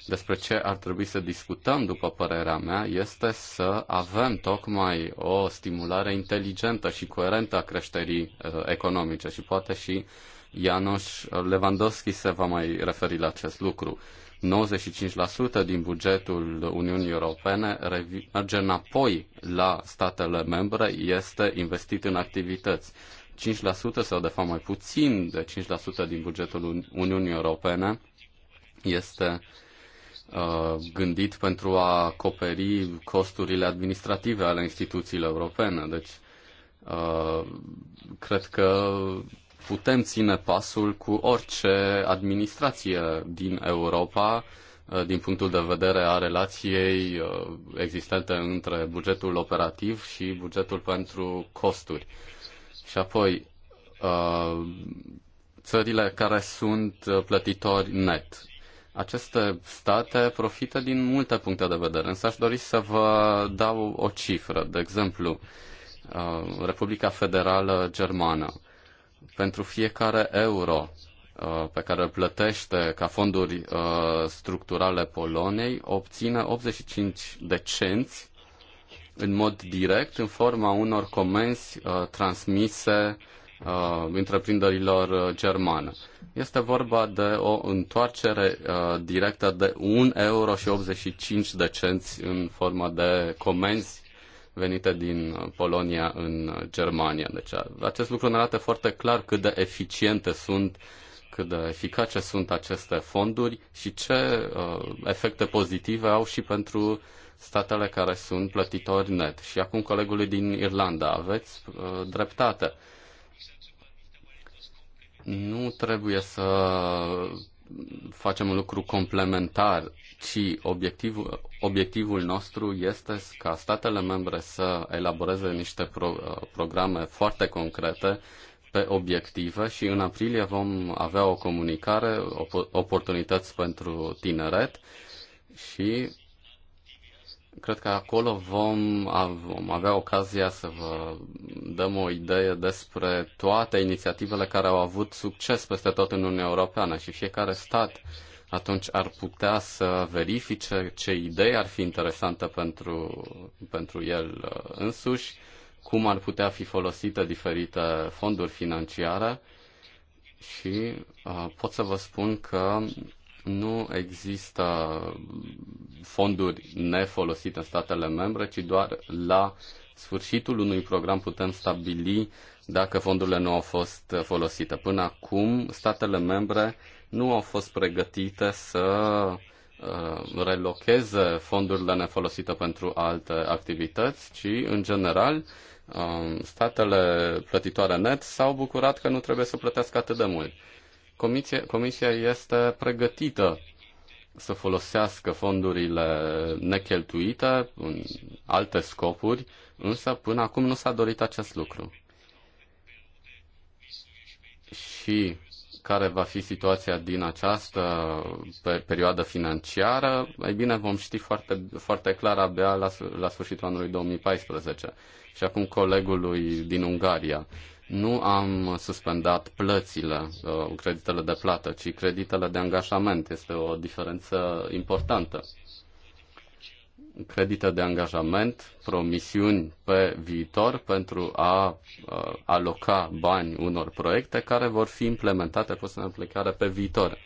Despre ce ar trebui să discutăm, după părerea mea, este să avem tocmai o stimulare inteligentă și coerentă a creșterii uh, economice și poate și Ianoș Lewandowski se va mai referi la acest lucru. 95% din bugetul Uniunii Europene merge înapoi la statele membre, este investit în activități. 5% sau de fapt mai puțin de 5% din bugetul Uniunii Europene este uh, gândit pentru a acoperi costurile administrative ale instituțiilor europene. Deci, uh, cred că putem ține pasul cu orice administrație din Europa uh, din punctul de vedere a relației uh, existente între bugetul operativ și bugetul pentru costuri. Și apoi, uh, țările care sunt plătitori net. Aceste state profită din multe puncte de vedere, însă aș dori să vă dau o cifră. De exemplu, Republica Federală Germană pentru fiecare euro uh, pe care îl plătește ca fonduri uh, structurale Poloniei, obține 85 de cenți în mod direct, în forma unor comenzi uh, transmise întreprinderilor germane. Este vorba de o întoarcere directă de 1,85 euro și 85 de cenți în forma de comenzi venite din Polonia în Germania. Deci acest lucru ne arată foarte clar cât de eficiente sunt, cât de eficace sunt aceste fonduri și ce uh, efecte pozitive au și pentru statele care sunt plătitori net. Și acum colegului din Irlanda, aveți uh, dreptate. Nu trebuie să facem un lucru complementar, ci obiectivul, obiectivul nostru este ca statele membre să elaboreze niște pro, programe foarte concrete pe obiective și în aprilie vom avea o comunicare, op- oportunități pentru tineret și Cred că acolo vom, vom avea ocazia să vă dăm o idee despre toate inițiativele care au avut succes peste tot în Uniunea Europeană și fiecare stat atunci ar putea să verifice ce idei ar fi interesantă pentru, pentru el uh, însuși, cum ar putea fi folosite diferite fonduri financiare și uh, pot să vă spun că nu există fonduri nefolosite în statele membre, ci doar la sfârșitul unui program putem stabili dacă fondurile nu au fost folosite. Până acum, statele membre nu au fost pregătite să uh, relocheze fondurile nefolosite pentru alte activități, ci, în general, um, statele plătitoare net s-au bucurat că nu trebuie să plătească atât de mult. Comisia, comisia este pregătită să folosească fondurile necheltuite în alte scopuri, însă până acum nu s-a dorit acest lucru. Și care va fi situația din această perioadă financiară, ei bine, vom ști foarte, foarte clar abia la, la sfârșitul anului 2014. Și acum colegului din Ungaria nu am suspendat plățile, uh, creditele de plată, ci creditele de angajament. Este o diferență importantă. Credite de angajament, promisiuni pe viitor pentru a uh, aloca bani unor proiecte care vor fi implementate, puse în aplicare pe viitor.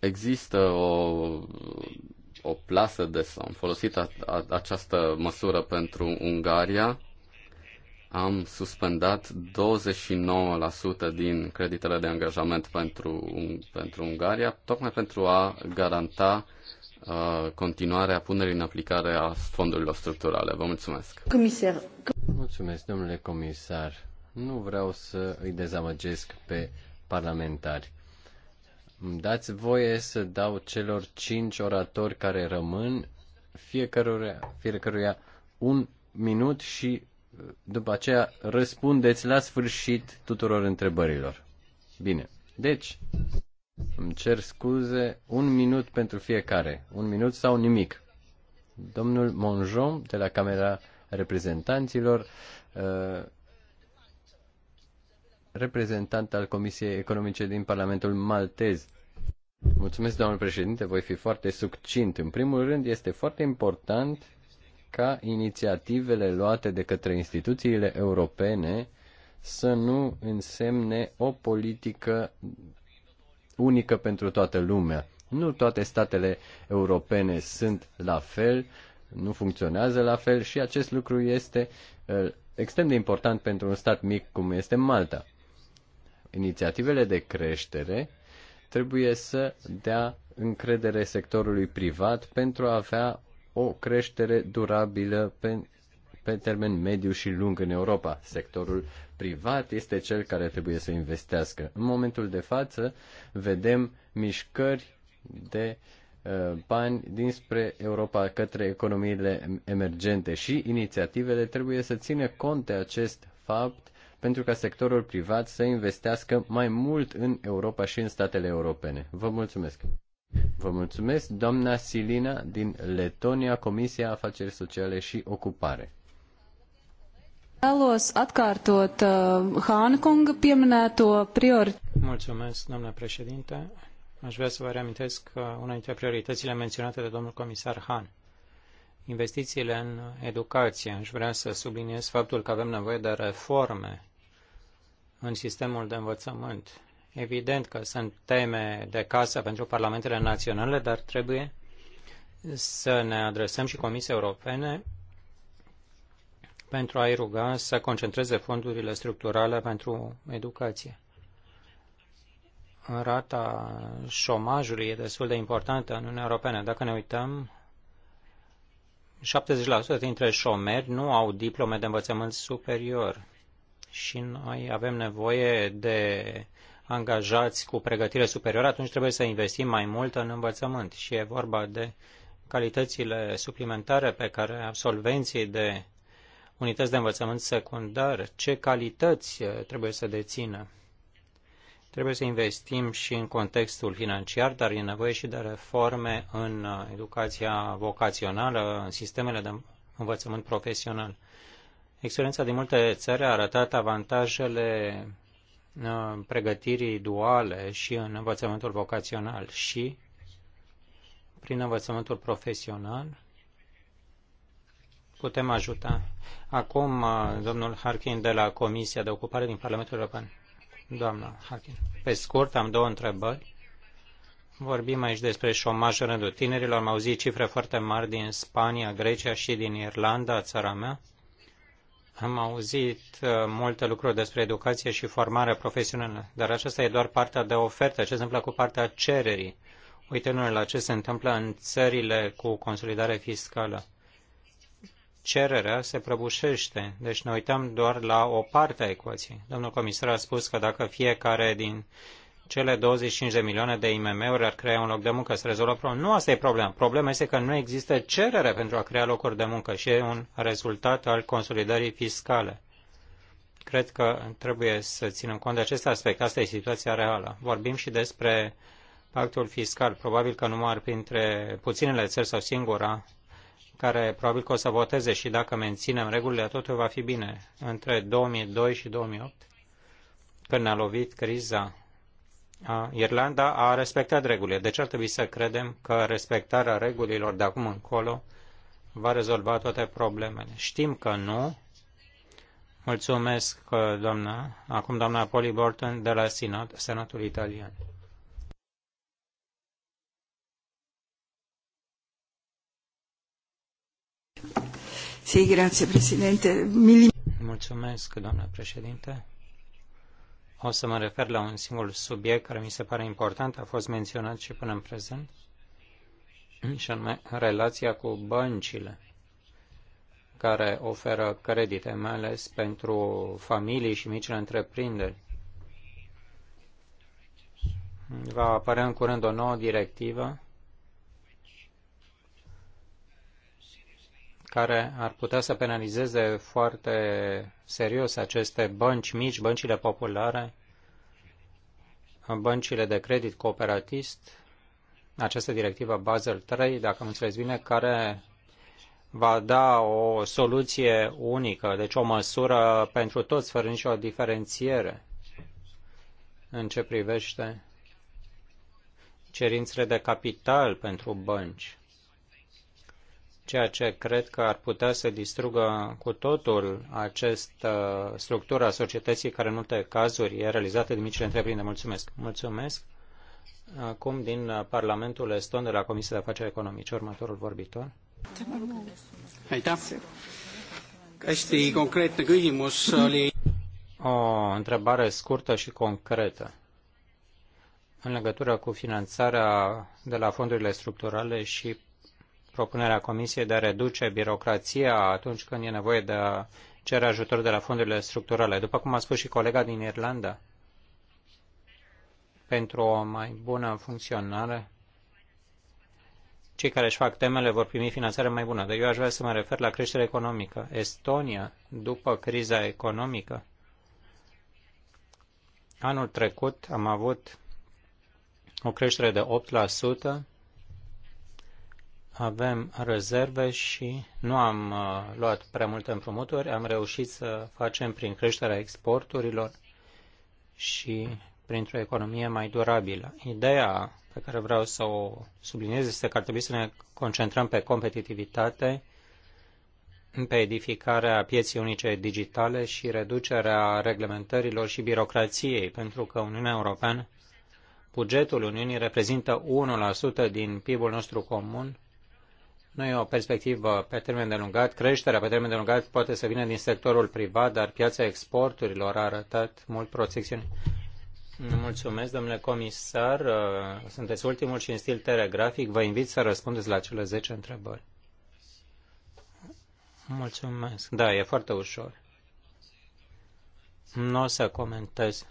Există o deci o plasă de somn. Folosit a, a, această măsură pentru Ungaria, am suspendat 29% din creditele de angajament pentru, pentru Ungaria, tocmai pentru a garanta uh, continuarea punerii în aplicare a fondurilor structurale. Vă mulțumesc. Comisar. Mulțumesc, domnule comisar. Nu vreau să îi dezamăgesc pe parlamentari. Îmi dați voie să dau celor cinci oratori care rămân fiecăruia, fiecăruia un minut și uh, după aceea răspundeți la sfârșit tuturor întrebărilor. Bine. Deci, îmi cer scuze, un minut pentru fiecare. Un minut sau nimic. Domnul Monjon de la Camera Reprezentanților uh, reprezentant al Comisiei Economice din Parlamentul Maltez. Mulțumesc, domnule președinte, voi fi foarte succint. În primul rând, este foarte important ca inițiativele luate de către instituțiile europene să nu însemne o politică unică pentru toată lumea. Nu toate statele europene sunt la fel, nu funcționează la fel și acest lucru este uh, extrem de important pentru un stat mic cum este Malta inițiativele de creștere trebuie să dea încredere sectorului privat pentru a avea o creștere durabilă pe, pe termen mediu și lung în Europa. Sectorul privat este cel care trebuie să investească. În momentul de față vedem mișcări de uh, bani dinspre Europa către economiile emergente și inițiativele trebuie să țină cont de acest fapt pentru ca sectorul privat să investească mai mult în Europa și în statele europene. Vă mulțumesc! Vă mulțumesc, doamna Silina din Letonia, Comisia Afaceri Sociale și Ocupare. Vēlos atkārtot uh, Hānkunga pieminēto prioritāti. Mulțumesc, doamna președinte. Aș vrea să vă reamintesc că uh, una dintre prioritățile menționate de domnul comisar Han investițiile în educație. Aș vrea să subliniez faptul că avem nevoie de reforme în sistemul de învățământ. Evident că sunt teme de casă pentru parlamentele naționale, dar trebuie să ne adresăm și Comisiei Europene pentru a-i ruga să concentreze fondurile structurale pentru educație. Rata șomajului e destul de importantă în Uniunea Europeană. Dacă ne uităm 70% dintre șomeri nu au diplome de învățământ superior și noi avem nevoie de angajați cu pregătire superioară, atunci trebuie să investim mai mult în învățământ și e vorba de calitățile suplimentare pe care absolvenții de unități de învățământ secundar, ce calități trebuie să dețină. Trebuie să investim și în contextul financiar, dar e nevoie și de reforme în educația vocațională, în sistemele de învățământ profesional. Experiența din multe țări a arătat avantajele uh, pregătirii duale și în învățământul vocațional și prin învățământul profesional putem ajuta. Acum, uh, domnul Harkin de la Comisia de Ocupare din Parlamentul European. Doamna Harkin, pe scurt, am două întrebări. Vorbim aici despre șomaj în rândul tinerilor. Am auzit cifre foarte mari din Spania, Grecia și din Irlanda, țara mea. Am auzit uh, multe lucruri despre educație și formare profesională, dar aceasta e doar partea de ofertă. Ce se întâmplă cu partea cererii? Uitându-ne la ce se întâmplă în țările cu consolidare fiscală cererea se prăbușește, deci ne uităm doar la o parte a ecuației. Domnul comisar a spus că dacă fiecare din cele 25 de milioane de IMM-uri ar crea un loc de muncă, să rezolvă problema. Nu asta e problema. Problema este că nu există cerere pentru a crea locuri de muncă și e un rezultat al consolidării fiscale. Cred că trebuie să ținem cont de acest aspect. Asta e situația reală. Vorbim și despre pactul fiscal. Probabil că numai printre puținele țări sau singura care probabil că o să voteze și dacă menținem regulile, totul va fi bine. Între 2002 și 2008, când a lovit criza, Irlanda a respectat regulile. Deci ar trebui să credem că respectarea regulilor de acum încolo va rezolva toate problemele. Știm că nu. Mulțumesc, doamna. Acum doamna Polly Borton de la Senat, Senatul Italian. Sì, grazie Presidente. Mulțumesc, doamnă președinte. O să mă refer la un singur subiect care mi se pare important, a fost menționat și până în prezent, și anume relația cu băncile care oferă credite, mai ales pentru familii și micile întreprinderi. Va apărea în curând o nouă directivă care ar putea să penalizeze foarte serios aceste bănci mici, băncile populare, băncile de credit cooperatist, această directivă Basel III, dacă am înțeles bine, care va da o soluție unică, deci o măsură pentru toți, fără nicio diferențiere în ce privește cerințele de capital pentru bănci ceea ce cred că ar putea să distrugă cu totul această structură a societății care în multe cazuri e realizată de micile întreprinderi. Mulțumesc! Mulțumesc! Acum din Parlamentul Eston de la Comisia de Afaceri Economice, următorul vorbitor. O întrebare scurtă și concretă în legătură cu finanțarea de la fondurile structurale și propunerea Comisiei de a reduce birocrația atunci când e nevoie de a cere ajutor de la fondurile structurale. După cum a spus și colega din Irlanda, pentru o mai bună funcționare, cei care își fac temele vor primi finanțare mai bună. Dar eu aș vrea să mă refer la creșterea economică. Estonia, după criza economică, anul trecut am avut o creștere de sută avem rezerve și nu am uh, luat prea multe împrumuturi, am reușit să facem prin creșterea exporturilor și printr-o economie mai durabilă. Ideea pe care vreau să o subliniez este că ar trebui să ne concentrăm pe competitivitate, pe edificarea pieții unice digitale și reducerea reglementărilor și birocrației, pentru că Uniunea Europeană, bugetul Uniunii reprezintă 1% din PIB-ul nostru comun nu e o perspectivă pe termen de lungat. Creșterea pe termen de lungat poate să vină din sectorul privat, dar piața exporturilor a arătat mult protecțiune. Mulțumesc, domnule comisar. Uh, sunteți ultimul și în stil telegrafic. Vă invit să răspundeți la cele 10 întrebări. Mulțumesc. Da, e foarte ușor. Nu o să comentez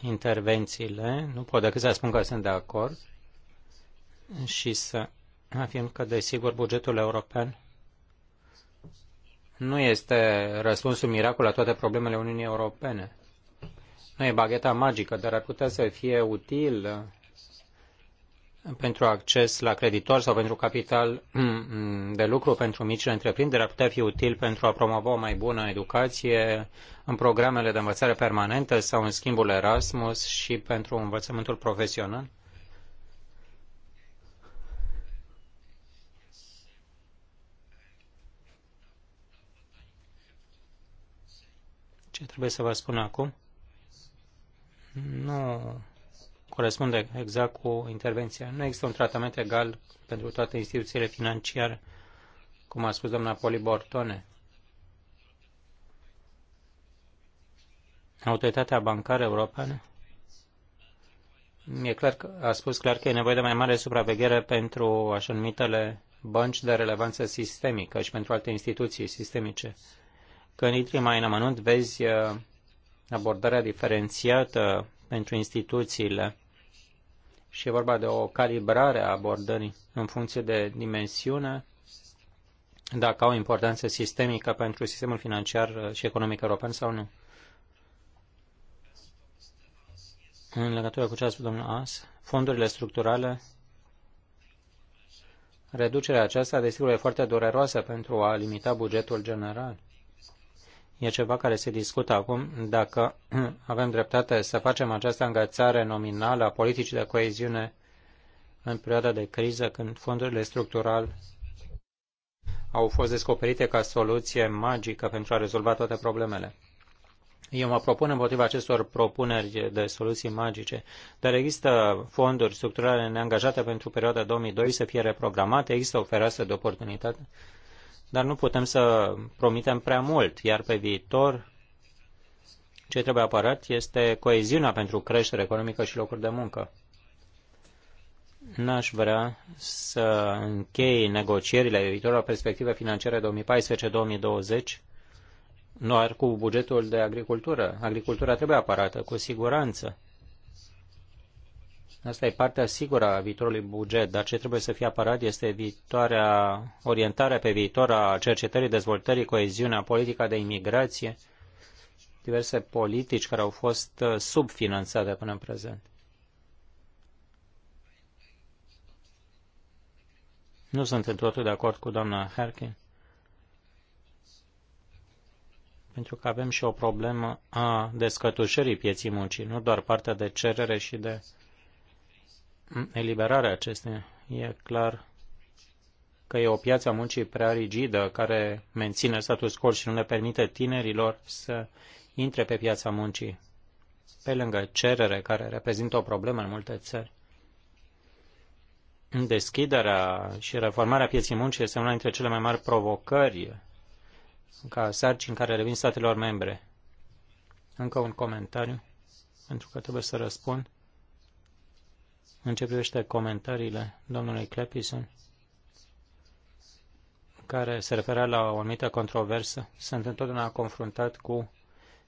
intervențiile. Nu pot decât să spun că sunt de acord și să fiindcă, desigur, bugetul european nu este răspunsul miracol la toate problemele Uniunii Europene. Nu e bagheta magică, dar ar putea să fie util uh, pentru acces la creditori sau pentru capital uh, de lucru pentru micile întreprinderi, ar putea fi util pentru a promova o mai bună educație în programele de învățare permanentă sau în schimbul Erasmus și pentru învățământul profesional ce trebuie să vă spun acum nu corespunde exact cu intervenția. Nu există un tratament egal pentru toate instituțiile financiare, cum a spus doamna Poli Bortone. Autoritatea bancară europeană e clar că, a spus clar că e nevoie de mai mare supraveghere pentru așa numitele bănci de relevanță sistemică și pentru alte instituții sistemice. Când intri mai în amănunt, vezi uh, abordarea diferențiată pentru instituțiile și e vorba de o calibrare a abordării în funcție de dimensiune, dacă au importanță sistemică pentru sistemul financiar și economic european sau nu. În legătură cu ce a spus domnul As, fondurile structurale, reducerea aceasta, desigur, e foarte dureroasă pentru a limita bugetul general. E ceva care se discută acum dacă avem dreptate să facem această îngățare nominală a politicii de coeziune în perioada de criză când fondurile structurale au fost descoperite ca soluție magică pentru a rezolva toate problemele. Eu mă propun împotriva acestor propuneri de soluții magice, dar există fonduri structurale neangajate pentru perioada 2002 să fie reprogramate, există o fereastră de oportunitate dar nu putem să promitem prea mult, iar pe viitor ce trebuie apărat este coeziunea pentru creștere economică și locuri de muncă. N-aș vrea să închei negocierile viitorilor perspective financiare 2014-2020 doar cu bugetul de agricultură. Agricultura trebuie apărată, cu siguranță. Asta e partea sigură a viitorului buget, dar ce trebuie să fie apărat este viitoarea orientarea pe viitor a cercetării, dezvoltării, coeziunea, politica de imigrație, diverse politici care au fost uh, subfinanțate până în prezent. Nu sunt în totul de acord cu doamna Harkin, pentru că avem și o problemă a descătușării pieții muncii, nu doar partea de cerere și de eliberarea acesteia. E clar că e o piață a muncii prea rigidă care menține status quo și nu le permite tinerilor să intre pe piața muncii, pe lângă cerere care reprezintă o problemă în multe țări. Deschiderea și reformarea pieții muncii este una dintre cele mai mari provocări ca sarcini care revin statelor membre. Încă un comentariu, pentru că trebuie să răspund. În ce privește comentariile domnului Clepison, care se referă la o anumită controversă, sunt întotdeauna confruntat cu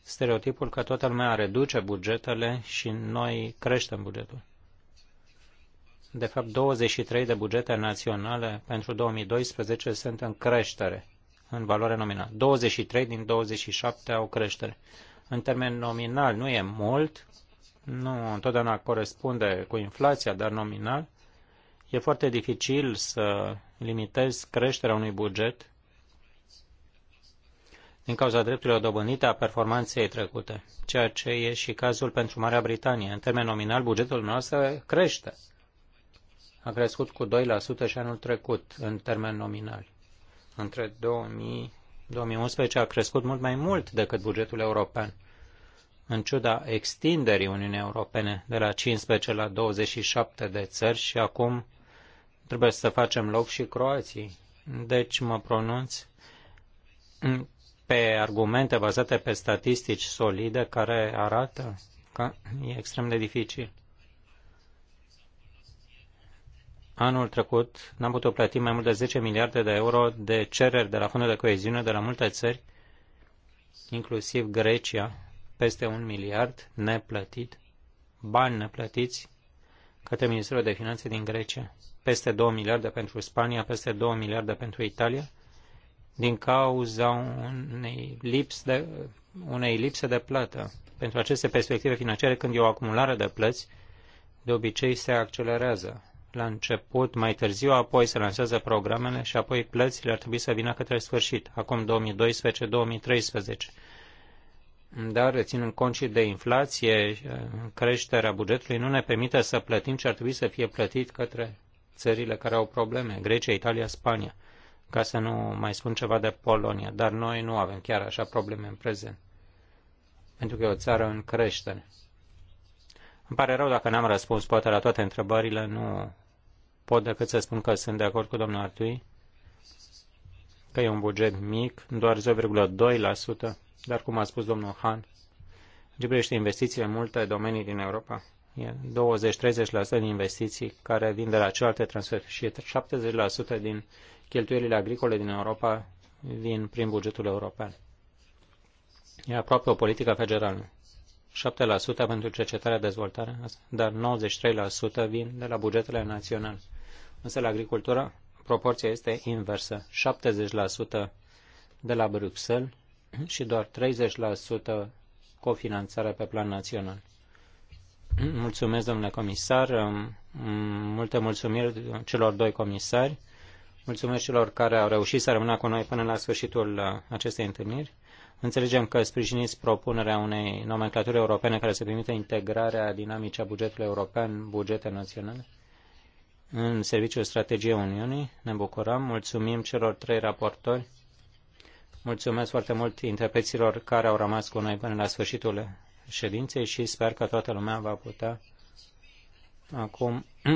stereotipul că toată lumea reduce bugetele și noi creștem bugetul. De fapt, 23 de bugete naționale pentru 2012 sunt în creștere, în valoare nominală. 23 din 27 au creștere. În termen nominal nu e mult, nu întotdeauna corespunde cu inflația, dar nominal, e foarte dificil să limitezi creșterea unui buget din cauza drepturilor dobândite a performanței trecute, ceea ce e și cazul pentru Marea Britanie. În termen nominal, bugetul nostru crește. A crescut cu 2% și anul trecut, în termen nominal. Între 2000 2011 a crescut mult mai mult decât bugetul european în ciuda extinderii Uniunii Europene de la 15 la 27 de țări și acum trebuie să facem loc și Croației. Deci mă pronunț pe argumente bazate pe statistici solide care arată că e extrem de dificil. Anul trecut n-am putut plăti mai mult de 10 miliarde de euro de cereri de la fondul de coeziune de la multe țări, inclusiv Grecia, peste un miliard neplătit, bani neplătiți către Ministerul de Finanțe din Grecia, peste 2 miliarde pentru Spania, peste 2 miliarde pentru Italia, din cauza unei, lips de, unei lipse de plată. Pentru aceste perspective financiare, când e o acumulare de plăți, de obicei se accelerează. La început, mai târziu, apoi se lansează programele și apoi plățile ar trebui să vină către sfârșit, acum 2012-2013 dar ținând cont și de inflație, creșterea bugetului nu ne permite să plătim ce ar trebui să fie plătit către țările care au probleme, Grecia, Italia, Spania, ca să nu mai spun ceva de Polonia, dar noi nu avem chiar așa probleme în prezent, pentru că e o țară în creștere. Îmi pare rău dacă n-am răspuns poate la toate întrebările, nu pot decât să spun că sunt de acord cu domnul Artui, că e un buget mic, doar 0,2%, dar cum a spus domnul Han, ce privește investițiile în multe domenii din Europa, e 20-30% din investiții care vin de la celelalte transferuri și 70% din cheltuielile agricole din Europa vin prin bugetul european. E aproape o politică federală. 7% pentru cercetarea dezvoltare, dar 93% vin de la bugetele naționale. Însă la agricultură proporția este inversă. 70% de la Bruxelles și doar 30% cofinanțare pe plan național. Mulțumesc, domnule comisar. Multe mulțumiri celor doi comisari. Mulțumesc celor care au reușit să rămână cu noi până la sfârșitul acestei întâlniri. Înțelegem că sprijiniți propunerea unei nomenclaturi europene care să permită integrarea dinamicii a bugetului european, bugete naționale, în serviciul strategiei Uniunii. Ne bucurăm. Mulțumim celor trei raportori Mulțumesc foarte mult interpreților care au rămas cu noi până la sfârșitul ședinței și sper că toată lumea va putea acum